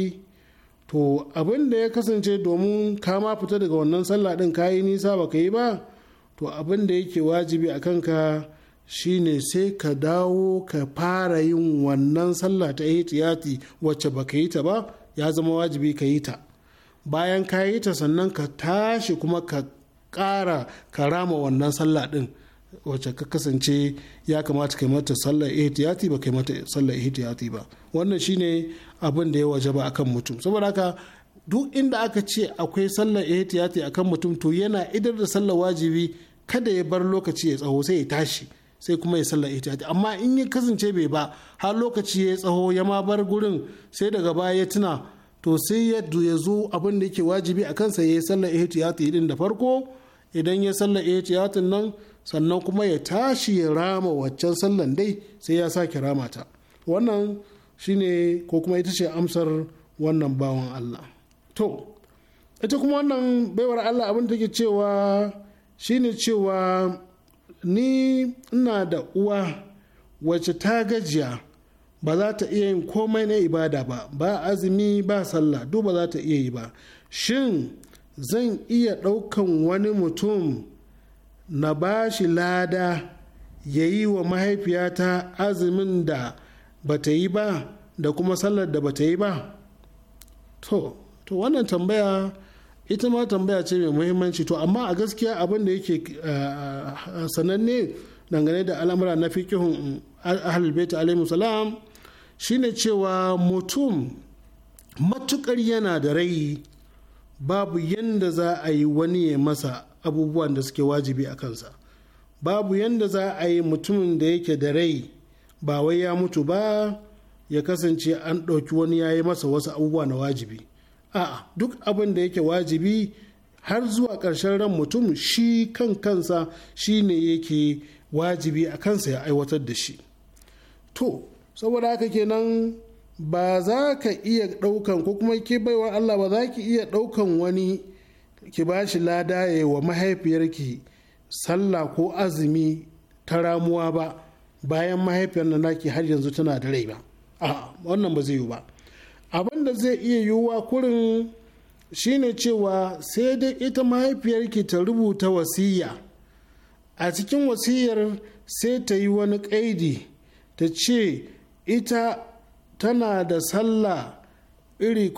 to abin da ya kasance domin ka ma fita daga wannan sallah din ka yi nisa ba ka yi ba to abin da yake wajibi a kanka shine sai ka dawo ka fara yin wannan sallah ta ihtiyati wacce baka yi ta ba ya zama wajibi ka yi ta bayan ka yi ta sannan ka tashi kuma ka ƙara ka rama wannan sallah ɗin wacce ka kasance ya kamata kai mata sallar ihtiyati ba kai mata sallar ihtiyati ba wannan shine abin da ya waje ba kan mutum saboda haka duk inda aka ce akwai sallar ihtiyati akan mutum to yana idar da sallar wajibi kada ya bar lokaci ya tsaho sai ya tashi sai kuma ya sallar ihtiyati amma in ya kasance bai ba har lokaci ya tsaho, ya ma bar gurin sai daga baya ya tuna to sai ya zo abin da yake wajibi a kansa ya yi sallar ihtiyati din da farko idan ya sallar ihtiyatin nan sannan kuma ya tashi ya rama waccan sallan dai sai ya sake rama ta wannan shine ko kuma ita ce amsar wannan bawan Allah to ita kuma wannan baiwar Allah abin da take cewa shine cewa ni ina da uwa wacce ta gajiya ba za ta iya yin komai na ibada ba ba azumi ba sallah duk ba za ta iya yi ba shin zan iya ɗaukan wani mutum na ba shi lada ya yi wa mahaifiyata azumin da ba ta yi ba da kuma sallar da ba ta yi ba to to wannan tambaya ita ma tambaya ce mai muhimmanci to amma a gaskiya abin da yake eh, eh, sananne dangane da al'amura na fikihun ahalbaita alaihi salam shine cewa mutum matukar yana da rai babu yadda za a yi wani ya masa abubuwan da suke wajibi a kansa babu yadda za a yi mutumin da yake da rai ba wai ya mutu ba ya kasance an ɗauki wani ya yi masa wasu abubuwa na wajibi a'a duk abin da yake wajibi har zuwa ƙarshen ran mutum shi kan kansa shi ne yake wajibi a kansa ya aiwatar da shi to saboda haka kenan ba za ka iya ɗaukan ko kuma ke baiwa Allah ba za ki iya ɗaukan wani ki ba shi lada ya wa mahaifiyarki sallah ko azumi ta ramuwa ba bayan mahaifiyar na naki har yanzu tana da rai ba A'a wannan ba zai yiwu ba abinda zai iya yiwuwa kurin shine cewa sai dai ita mahaifiyarki ta rubuta wasiya a cikin wasiyar sai ta yi wani ƙaidi ta ce ita tana da sallah iri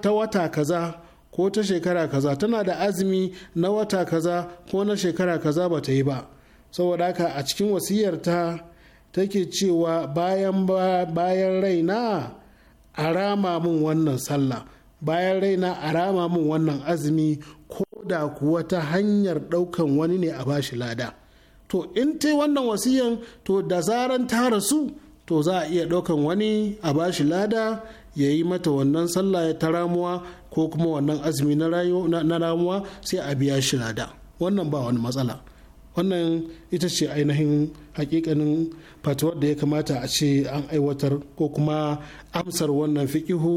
ta wata kaza ko ta shekara kaza tana da azumi na wata kaza ko na shekara kaza ba ta yi ba saboda haka a cikin wasiyar ta take cewa bayan bayan raina a rama min wannan sallah bayan raina a rama min wannan azumi ko da kuwa ta hanyar ɗaukan wani ne a bashi lada to in ta wannan wasiyan to da zaran ta rasu to za a iya ɗaukan wani a bashi lada ya yi mata wannan sallah ta ramuwa ko kuma wannan azumi na ramuwa sai a biya shi lada wannan ba wani matsala wannan ita ce ainihin hakikanin fatuwar da ya kamata a ce an aiwatar ko kuma amsar wannan fikihu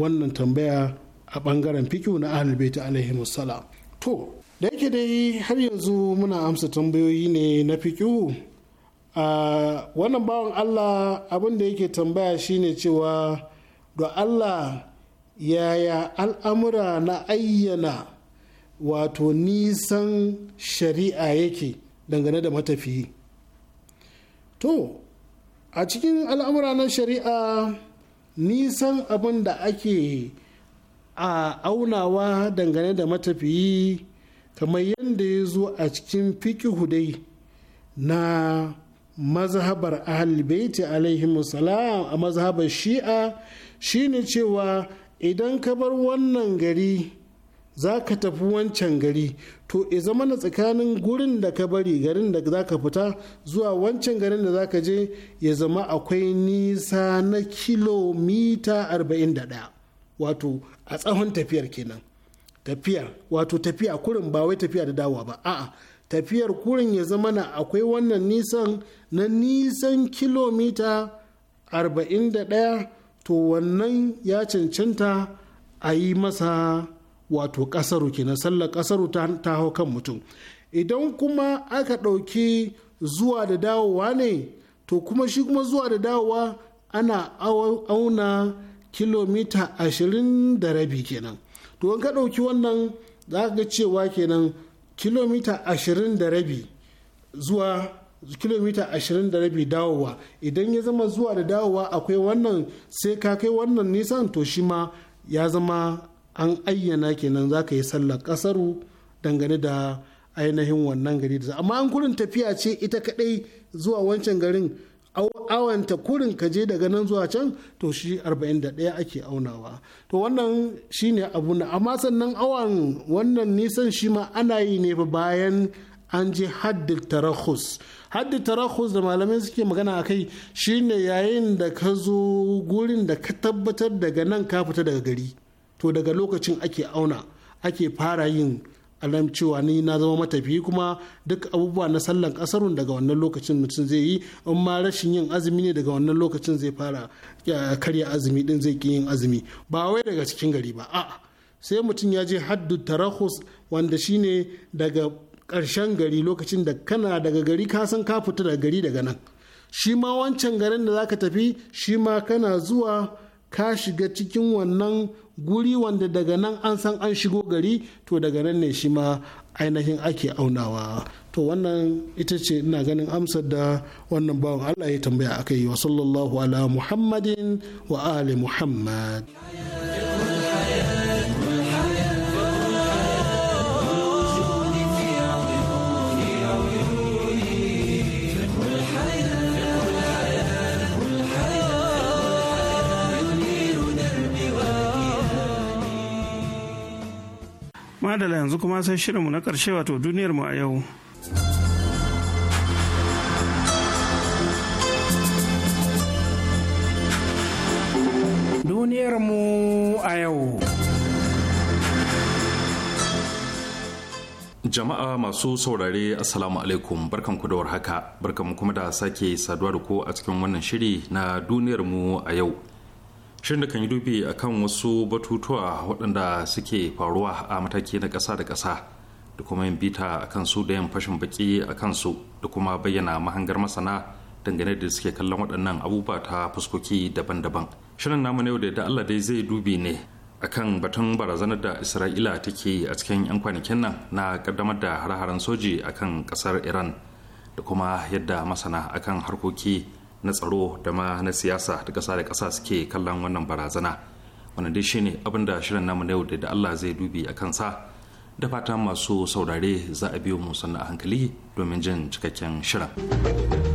wannan tambaya a bangaren fikihu na ahlulbaiti alaihi musala to da yake dai har yanzu muna amsa tambayoyi ne na fikihu a wannan bawan allah abin da yake tambaya shine cewa da allah yaya al'amura na ayyana wato nisan shari'a yake dangane da matafiyi to a cikin al'amura na shari'a nisan abin da ake a aunawa dangane da matafiyi kamar yadda ya zo a cikin fikihu hudai na mazhabar ahalibaiti alaihimu a mazhabar shi'a shine cewa idan ka bar wannan gari za ka tafi wancan gari to e zama na tsakanin gurin da ka bari garin da za ka fita zuwa wancan garin da za ka je ya zama akwai nisa na kilomita 41 wato a tsawon tafiyar kenan tafiyar wato tafiya kurin ba wai tafiya da dawa ba a'a tafiyar kurin ya zama na akwai wannan nisan na nisan kilomita 41 to wannan ya cancanta a yi masa wato kasaru kenan sallar kasaru ta hau kan mutum idan kuma aka ɗauki zuwa da dawowa ne to kuma shi kuma zuwa da dawowa ana auna kilomita ashirin da rabi kenan to ka ɗauki wannan za ga cewa kenan kilomita ashirin da rabi zuwa kilomita ashirin da rabi dawowa idan ya zama zuwa da dawowa akwai wannan sai ka kai wannan nisan to shi ma ya zama an ayyana kenan za ka yi sallar kasaru dangane da ainihin wannan gari da amma an kurin tafiya ce ita kadai zuwa wancan garin awanta kurin ka je daga nan zuwa can to shi 41 ake aunawa to wannan ne abu na amma sannan awan wannan nisan shi ma ana yi ne bayan an je haddin tarahus haddi tarahus da malamai suke magana a kai shi ne yayin da ka zo gurin da ka tabbatar daga nan ka fita daga gari to daga lokacin ake auna ake fara yin alam cewa ni na zama matafiyi kuma duk abubuwa na sallan kasarun daga wannan lokacin mutum zai yi in ma rashin yin azumi ne daga wannan lokacin zai fara karya azumi din zai ki yin azumi ba wai daga cikin gari ba a'a sai mutum ya je haddu tarahus wanda shine daga ƙarshen gari lokacin da kana daga gari ka san ka fita daga gari daga nan shi ma wancan garin da zaka tafi shi ma kana zuwa ka shiga cikin wannan guri wanda daga nan an san an shigo gari to daga nan ne shi ma ainihin ake aunawa to wannan ita ce ina ganin amsar da wannan bawan Allah ya tambaya aka yi wa sallallahu ala muhammadin wa ali muhammad madala yanzu kuma sai shirinmu na ƙarshe wato duniyarmu a yau duniyarmu a yau jama'a masu saurare assalamu alaikum barkanku da warhaka barkanku kuma da sake saduwa da ku a cikin wannan shiri na duniyar mu a yau shirin da kan yi dubi a kan wasu batutuwa waɗanda suke faruwa a mataki na ƙasa da ƙasa da kuma yin bita a kansu da yin fashin baki a su da kuma bayyana mahangar masana dangane da suke kallon waɗannan abubuwa ta fuskoki daban-daban shirin namu ne da Allah dai zai dubi ne a kan batun barazanar da isra'ila take yi a cikin 'yan kwanakin nan na kaddamar da hare-haren soji kan ƙasar iran da kuma yadda masana akan harkoki na tsaro da ma na siyasa da ƙasa da ƙasa suke kallon wannan barazana wannan dai shine abin da shirin namu na yau da Allah zai dubi a kansa da fatan masu saurare za a biyo mu sannan a hankali domin jin cikakken shirin.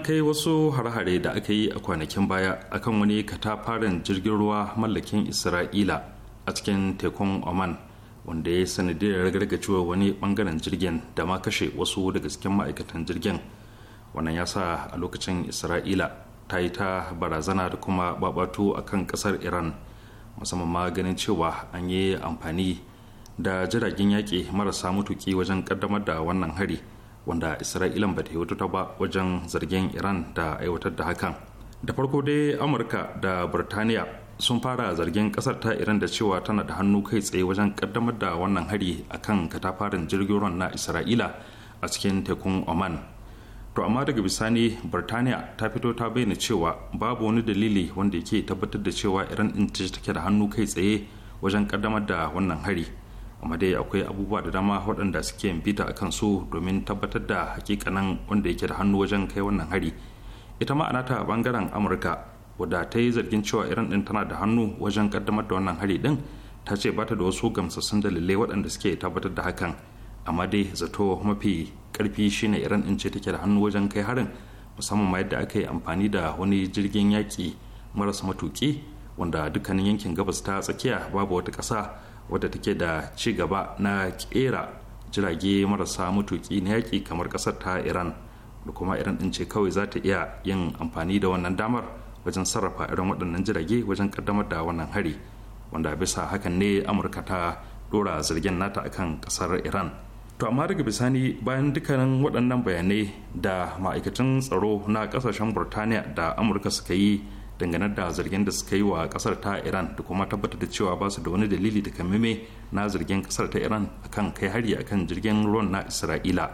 kai wasu hare-hare da aka yi a kwanakin baya akan wani katafaren jirgin ruwa mallakin isra'ila a cikin tekun oman wanda ya sanadiyar gargacewa wani bangaren jirgin da ma kashe wasu daga cikin ma'aikatan jirgin wannan ya sa a lokacin isra'ila ta yi ta barazana da kuma babatu a kan kasar iran musamman ma ganin cewa an yi amfani da jiragen yaƙi marasa mutuki wajen ƙaddamar da wannan hari. wanda isra'ilan ba ta yi wata ba wajen zargin iran da aiwatar da hakan da farko dai amurka da burtaniya sun fara zargin kasar ta iran da cewa tana da hannu kai tsaye wajen kaddamar da wannan hari a kan katafarin jirgin ruwan na isra'ila a cikin tekun oman to amma daga bisani burtaniya ta fito ta bayyana cewa babu wani dalili wanda yake tabbatar da cewa iran din ta take da hannu kai tsaye wajen kaddamar da wannan hari amma dai akwai abubuwa da dama waɗanda suke bita a kan su domin tabbatar da hakikanin wanda yake da hannu wajen kai wannan hari ita ma anata bangaren amurka wadda ta yi zargin cewa irin din tana da hannu wajen kaddamar da wannan hari ɗin ta ce bata da wasu gamsassun dalilai waɗanda suke tabbatar da hakan amma dai zato mafi karfi shine irin din ce take da hannu wajen kai harin musamman ma yadda aka yi amfani da wani jirgin yaƙi maras matuƙi wanda dukkanin yankin gabas ta tsakiya babu wata ƙasa wadda take da ci gaba na kera jirage marasa matuki na yaƙi kamar ƙasar ta iran da kuma iran din ce kawai za ta iya yin amfani da wannan damar wajen sarrafa irin waɗannan jirage wajen ƙaddamar da wannan hari wanda bisa hakan ne amurka ta dora zargin nata akan ƙasar iran to amma daga bisani bayan dukkanin waɗannan bayanai da ma'aikatan tsaro na ƙasashen burtaniya da amurka suka yi dangane da zargin da suka yi wa kasar ta iran da kuma tabbatar da cewa ba su da wani dalili da kamime na zargin kasar ta iran akan kai hari akan jirgin ruwan na isra'ila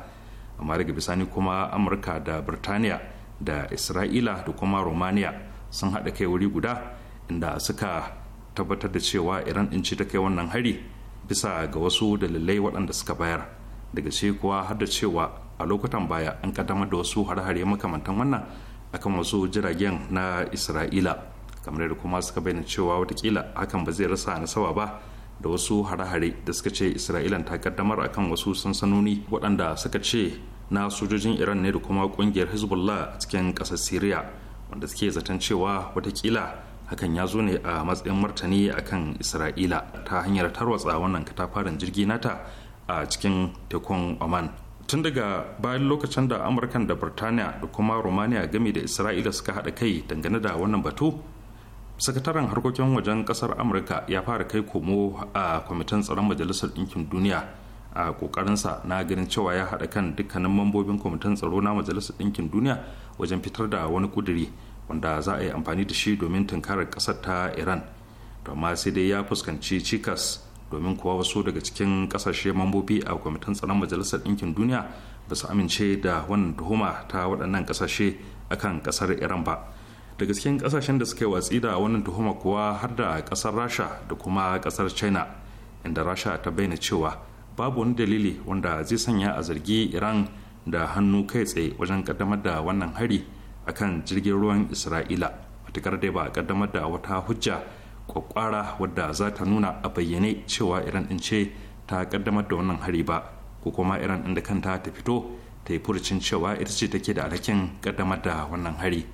amma daga bisani kuma amurka da birtaniya da isra'ila da kuma romania sun haɗa kai wuri guda inda suka tabbatar da cewa iran in ce ta kai wannan hari bisa ga wasu dalilai waɗanda suka bayar daga ce kuwa har da cewa a lokutan baya an kaddamar da wasu hare-hare makamantan wannan akan wasu jiragen na isra'ila kamar da kuma suka bayyana cewa watakila hakan ba zai rasa nasawa ba da wasu hare-hare da suka ce isra'ilan ta kaddamar akan wasu sansanoni waɗanda suka ce na sojojin iran ne da kuma ƙungiyar hezbollah a cikin ƙasar syria wanda suke zaton cewa watakila hakan ya zo ne a matsayin martani akan isra'ila ta hanyar tarwatsa wannan katafaren jirgi nata a cikin tekun oman tun daga bayan lokacin da amurkan da birtaniya da kuma romania game da isra'ila suka haɗa kai dangane da wannan batu sakataren harkokin wajen kasar amurka ya fara kai komo a kwamitin tsaron majalisar ɗinkin duniya a kokarinsa na ganin cewa ya haɗa kan dukkanin mambobin kwamitin tsaro na majalisar ɗinkin duniya wajen fitar da wani kuduri wanda za a yi amfani da shi domin tunkarar ƙasar ta iran to amma sai dai ya fuskanci cikas domin kuwa wasu daga cikin kasashe mambobi a kwamitin tsaron majalisar ɗinkin duniya ba su amince da wannan tuhuma ta waɗannan kasashe akan ƙasar iran ba daga cikin kasashen da suka watsi da wannan tuhuma kuwa har da ƙasar rasha da kuma ƙasar china inda rasha ta bayyana cewa babu wani dalili wanda zai sanya a zargi iran da hannu kai tsaye wajen kaddamar da wannan hari akan jirgin ruwan isra'ila matukar dai ba a kaddamar da wata hujja kwakwara wadda za ta nuna a bayyane cewa iran din ce ta kaddamar da wannan hari ba ko kuma iran din da kanta ta fito ta yi furucin cewa ita ce take da alhakin kaddamar da wannan hari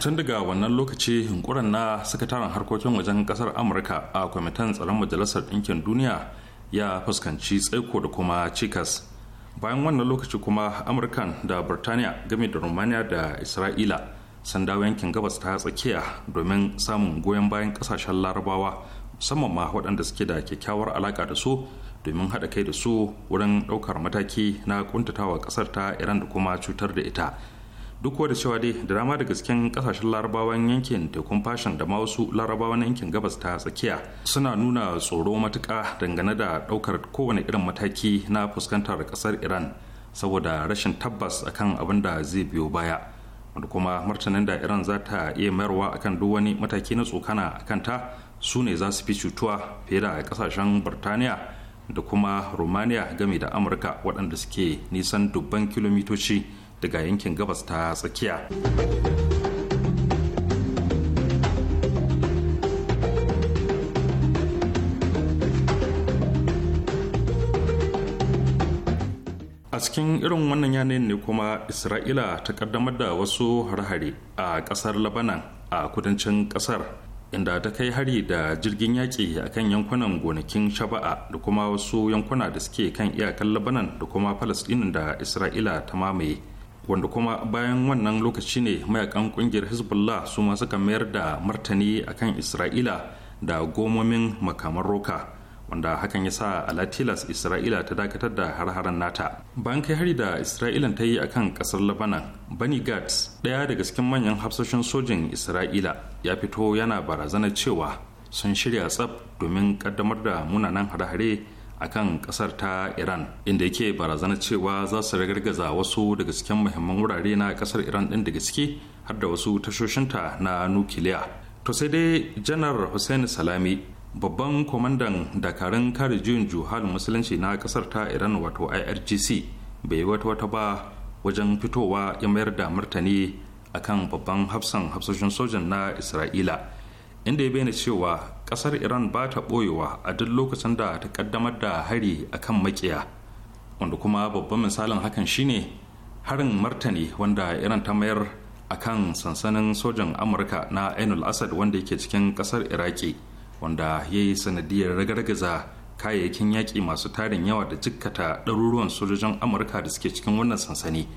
tun daga wannan lokaci hunkuran na sakataren harkokin wajen kasar amurka a kwamitin tsaron majalisar ɗinkin duniya ya fuskanci tsaiko da kuma cikas bayan wannan lokaci kuma amurkan da Burtaniya game da romania da isra'ila sun yankin gabas ta tsakiya domin samun goyon bayan kasashen larabawa musamman ma waɗanda suke da kyakkyawar alaƙa da su domin haɗa kai da su wurin ɗaukar mataki na ƙuntatawa ƙasar ta iran da kuma cutar da ita duk wadda cewa dai da dama daga cikin kasashen larabawan yankin tekun fashin da ma wasu larabawan yankin gabas ta tsakiya suna nuna tsoro matuka dangane da ɗaukar kowane irin mataki na fuskantar ƙasar iran saboda rashin tabbas akan abin da zai biyo baya da kuma martanin da iran za ta iya mayarwa akan duk wani mataki na tsokana a kanta su ne za su fi cutuwa fiye da kasashen birtaniya da kuma romania game da amurka waɗanda suke nisan dubban kilomitoci daga yankin gabas ta tsakiya cikin irin wannan yanayin ne kuma isra'ila ta kaddamar da wasu hare-hare a kasar labanan a kudancin kasar inda ta kai hari da jirgin yaƙi a kan yankunan gonakin shaba'a da kuma wasu yankuna da suke kan iyakan labanan da kuma Falasɗin da isra'ila ta mamaye wanda kuma bayan wannan lokaci ne mayakan ƙungiyar hezbollah su ma suka mayar da martani a kan isra'ila da gomomin makamar roka wanda hakan ya sa alatilas isra'ila ta dakatar da har-haren nata bayan kai hari da isra'ilan ta yi akan kasar labanan bani gats ɗaya daga cikin manyan hafsoshin sojin isra'ila ya fito yana barazana cewa sun shirya tsab domin kaddamar da munanan hare-hare a kan kasar ta iran inda yake barazana cewa za su ragargaza wasu daga cikin muhimman wurare na kasar iran din da gaske har da wasu tashoshinta na nukiliya to sai dai janar hussein salami babban kwamandan dakarun kare juyin juhalin musulunci na kasar ta iran wato irgc bai yi wata wata ba wajen fitowa ya mayar da martani akan babban hafsan hafsoshin sojan na isra'ila inda ya bayyana cewa kasar iran ba ta boyewa a duk lokacin da ta kaddamar da hari akan makiya wanda kuma babban misalin hakan shine harin martani wanda iran ta mayar akan sansanin sojan amurka na ainul asad wanda yake cikin kasar iraki wanda ya yi sanadiyar ragargaza kayayyakin yaƙi masu tarin yawa da jikkata ɗaruruwan sojojin amurka da suke cikin wannan sansani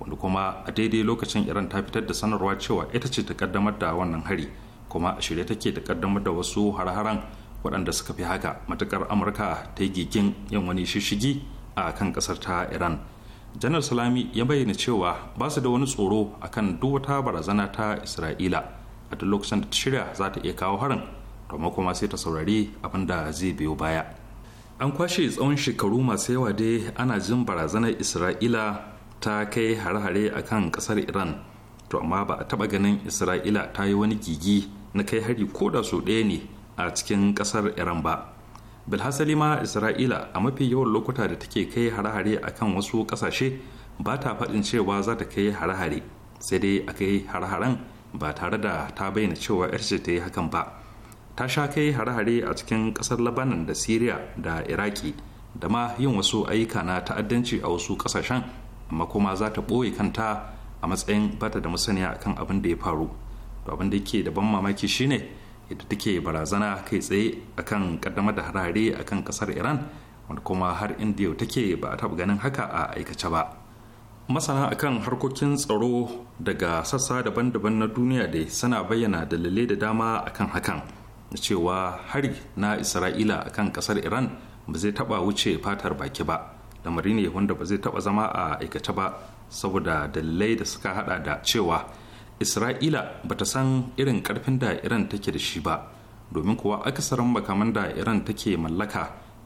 wanda kuma a daidai lokacin iran ta fitar da sanarwa cewa ita ce ta kaddamar da wannan hari kuma a shirye take ta kaddamar da wasu har-haren waɗanda suka fi haka matukar amurka ta yi gigin yin wani shishigi a kan ƙasar ta iran janar salami ya bayyana cewa ba su da wani tsoro akan duk wata barazana ta isra'ila a duk lokacin da ta shirya za ta iya kawo harin kuma kuma sai ta saurari abin da zai biyo baya an kwashe tsawon shekaru masu yawa dai ana jin barazanar isra'ila ta kai hare-hare a kan kasar iran to amma ba a taba ganin isra'ila ta yi wani gigi na kai hari ko da su ɗaya ne a cikin kasar iran ba bilhassali ma isra'ila a mafi yawan lokuta da take kai hare-hare a kan wasu ƙasashe ba ta faɗin cewa za ta kai hare-hare sai dai a kai hare-haren ba tare da ta bayyana cewa yarce ta yi hakan ba ta sha kai hare-hare a cikin kasar labanan da syria da iraki da ma yin wasu ayyuka na ta'addanci a wasu kasashen amma kuma za ta ɓoye kanta a matsayin bata da musaniya kan abin da ya faru to abin da yake da ban mamaki shine yadda take barazana kai tsaye akan kaddamar da hare-hare akan kasar iran wanda kuma har inda yau take ba a taɓa ganin haka a aikace ba masana akan harkokin tsaro daga sassa daban-daban na duniya dai suna bayyana dalilai da dama akan hakan na cewa hari na isra'ila a kan kasar iran ba zai taba wuce fatar baki ba lamari ne wanda ba zai taba zama a aikace ba saboda dalilai da suka hada da cewa isra'ila ba ta san irin karfin da iran take da shi ba domin kuwa akasarin makaman da iran take mallaka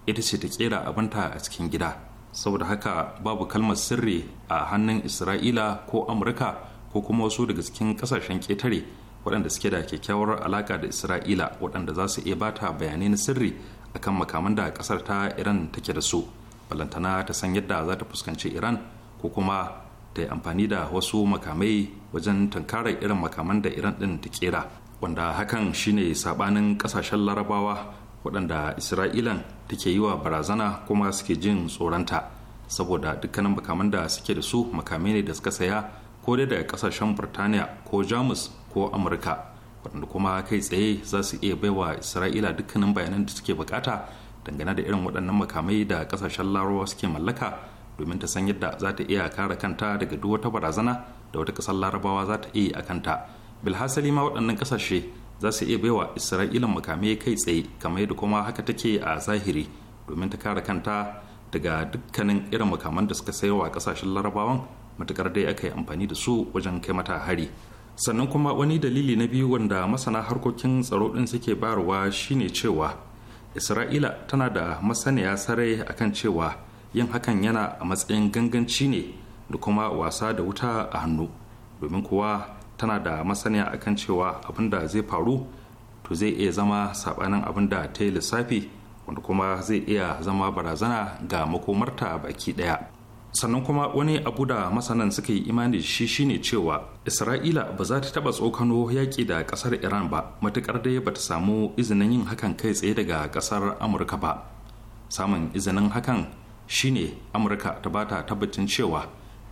ita ce ta kera abinta a cikin gida saboda haka babu kalmar sirri a hannun isra'ila ko amurka ko kuma wasu daga cikin kasashen ketare waɗanda suke da kyakkyawar alaƙa da isra'ila waɗanda za su iya bata bayanai na sirri akan makaman da ƙasar ta iran take da su balantana ta san yadda za ta fuskanci iran ko kuma ta yi amfani da wasu makamai wajen tankara irin makaman da iran ɗin ta kera wanda hakan shine sabanin ƙasashen larabawa waɗanda isra'ilan take yi wa barazana kuma suke jin tsoronta saboda dukkanin makaman da suke da su makamai ne da suka saya ko dai daga ƙasashen burtaniya ko jamus ko amurka waɗanda kuma kai tsaye za su iya baiwa isra'ila dukkanin bayanan da suke bukata dangane da irin waɗannan makamai da ƙasashen larabawa suke mallaka domin ta san yadda za ta iya kare kanta daga duk wata barazana da wata ƙasar larabawa za ta iya a kanta bilhassali ma waɗannan ƙasashe za su iya baiwa isra'ila makamai kai tsaye kamar yadda kuma haka take a zahiri domin ta kare kanta daga dukkanin irin makaman da suka sayo wa ƙasashen larabawan matukar dai aka yi amfani da su wajen kai mata hari sannan kuma wani dalili na biyu wanda masana harkokin tsaro din suke bayarwa shine cewa isra'ila tana da masaniya sarai akan cewa yin hakan yana a matsayin ganganci ne da kuma wasa da wuta a hannu domin kuwa tana da masaniya akan cewa abin da zai faru to zai iya zama sabanin abin da ta yi lissafi wanda kuma zai iya zama barazana ga makomarta baki daya sannan kuma wani abu da masanan suka yi imani shi shine cewa isra'ila ba za ta taba tsokano yaƙi da ƙasar iran ba matuƙar dai ba ta samu izinin yin hakan kai tsaye daga ƙasar amurka ba samun izinin hakan shine amurka ta ba ta tabbacin cewa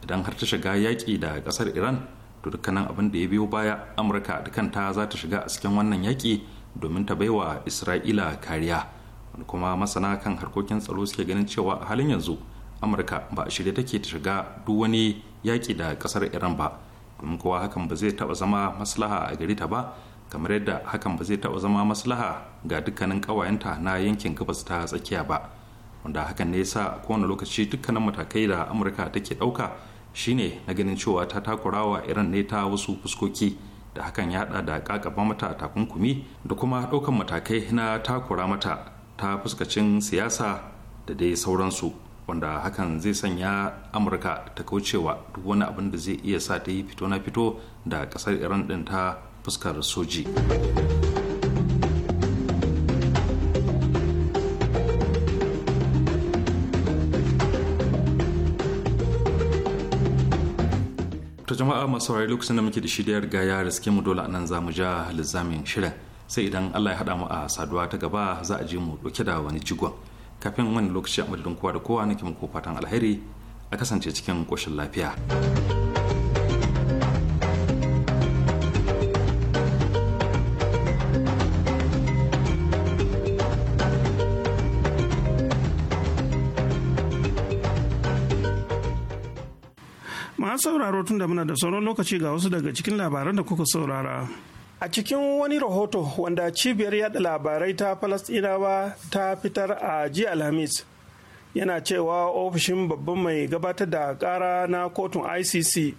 idan har ta shiga yaƙi da ƙasar iran to dukkanin abin da ya biyo baya amurka da kanta za ta shiga a cikin wannan yaƙi domin ta baiwa isra'ila kariya kuma masana kan harkokin tsaro suke ganin cewa a halin yanzu amurka ba a shirya take ta shiga duk wani yaƙi da ƙasar iran ba domin kowa hakan ba zai taɓa zama maslaha a gare ta ba kamar yadda hakan ba zai taɓa zama maslaha ga dukkanin ƙawayenta na yankin gabas ta tsakiya ba wanda hakan ne yasa kowane lokaci dukkanin matakai da amurka take ɗauka shine na ganin cewa ta takura wa iran ne ta wasu fuskoki da hakan ya haɗa da ƙaƙaba mata takunkumi da kuma ɗaukan matakai na takura mata ta fuskacin siyasa da dai sauransu wanda hakan zai sanya amurka ta kaucewa duk wani abin da zai iya sa ta yi fito na fito da kasar iran din ta fuskar soji ta jama'a masu saurari lokacin da muke da shi da yarga ya mu dole nan za mu ja lizamin shirin sai idan allah ya haɗa mu a saduwa ta gaba za a je mu ɗauke da wani jigon kafin wani lokaci a madadin kowa da kowa nake muku fatan alheri a kasance cikin ƙoshin lafiya. Masu sauraro tun da muna da sauran lokaci ga wasu daga cikin labaran da kuka saurara. A cikin wani rahoto wanda cibiyar yada labarai ta Falasɗinawa ta fitar a jiya Alhamis, yana cewa ofishin babban mai gabatar da ƙara na kotun ICC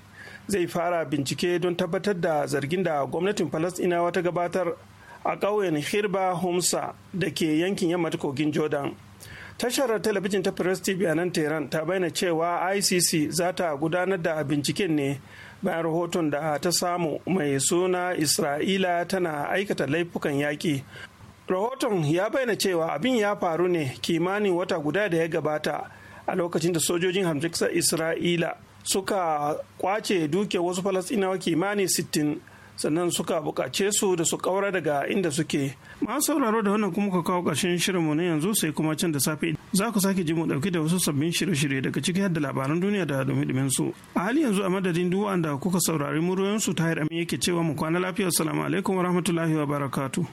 zai fara bincike don tabbatar da zargin da gwamnatin Falasɗinawa ta gabatar a ƙauyen Hirba humsa da ke yankin yammata kogin Jordan. Tashar talabijin ta Press TV a nan Tehran ta bayyana cewa ICC za ta gudanar da binciken ne bayan rahoton da ta samu mai suna isra'ila tana aikata laifukan yaƙi rahoton ya bayyana cewa abin ya faru ne kimanin wata guda da ya gabata a lokacin da sojojin hamjiksa isra'ila suka kwace duke wasu falasɗinawa kimanin sittin. sannan suka buƙace su da su ƙaura daga inda suke Ma sauraro da wannan kuma ka kawo ƙarshen shirinmu na yanzu sai kuma can da safe za ku sake ji mu ɗauki da wasu sabbin shirye-shirye daga ciki da labaran duniya da dumi su a hali yanzu a madadin duk wanda kuka saurari muryoyinsu tahir amin yake cewa mu kwana lafiya assalamu alaikum wa barakatu.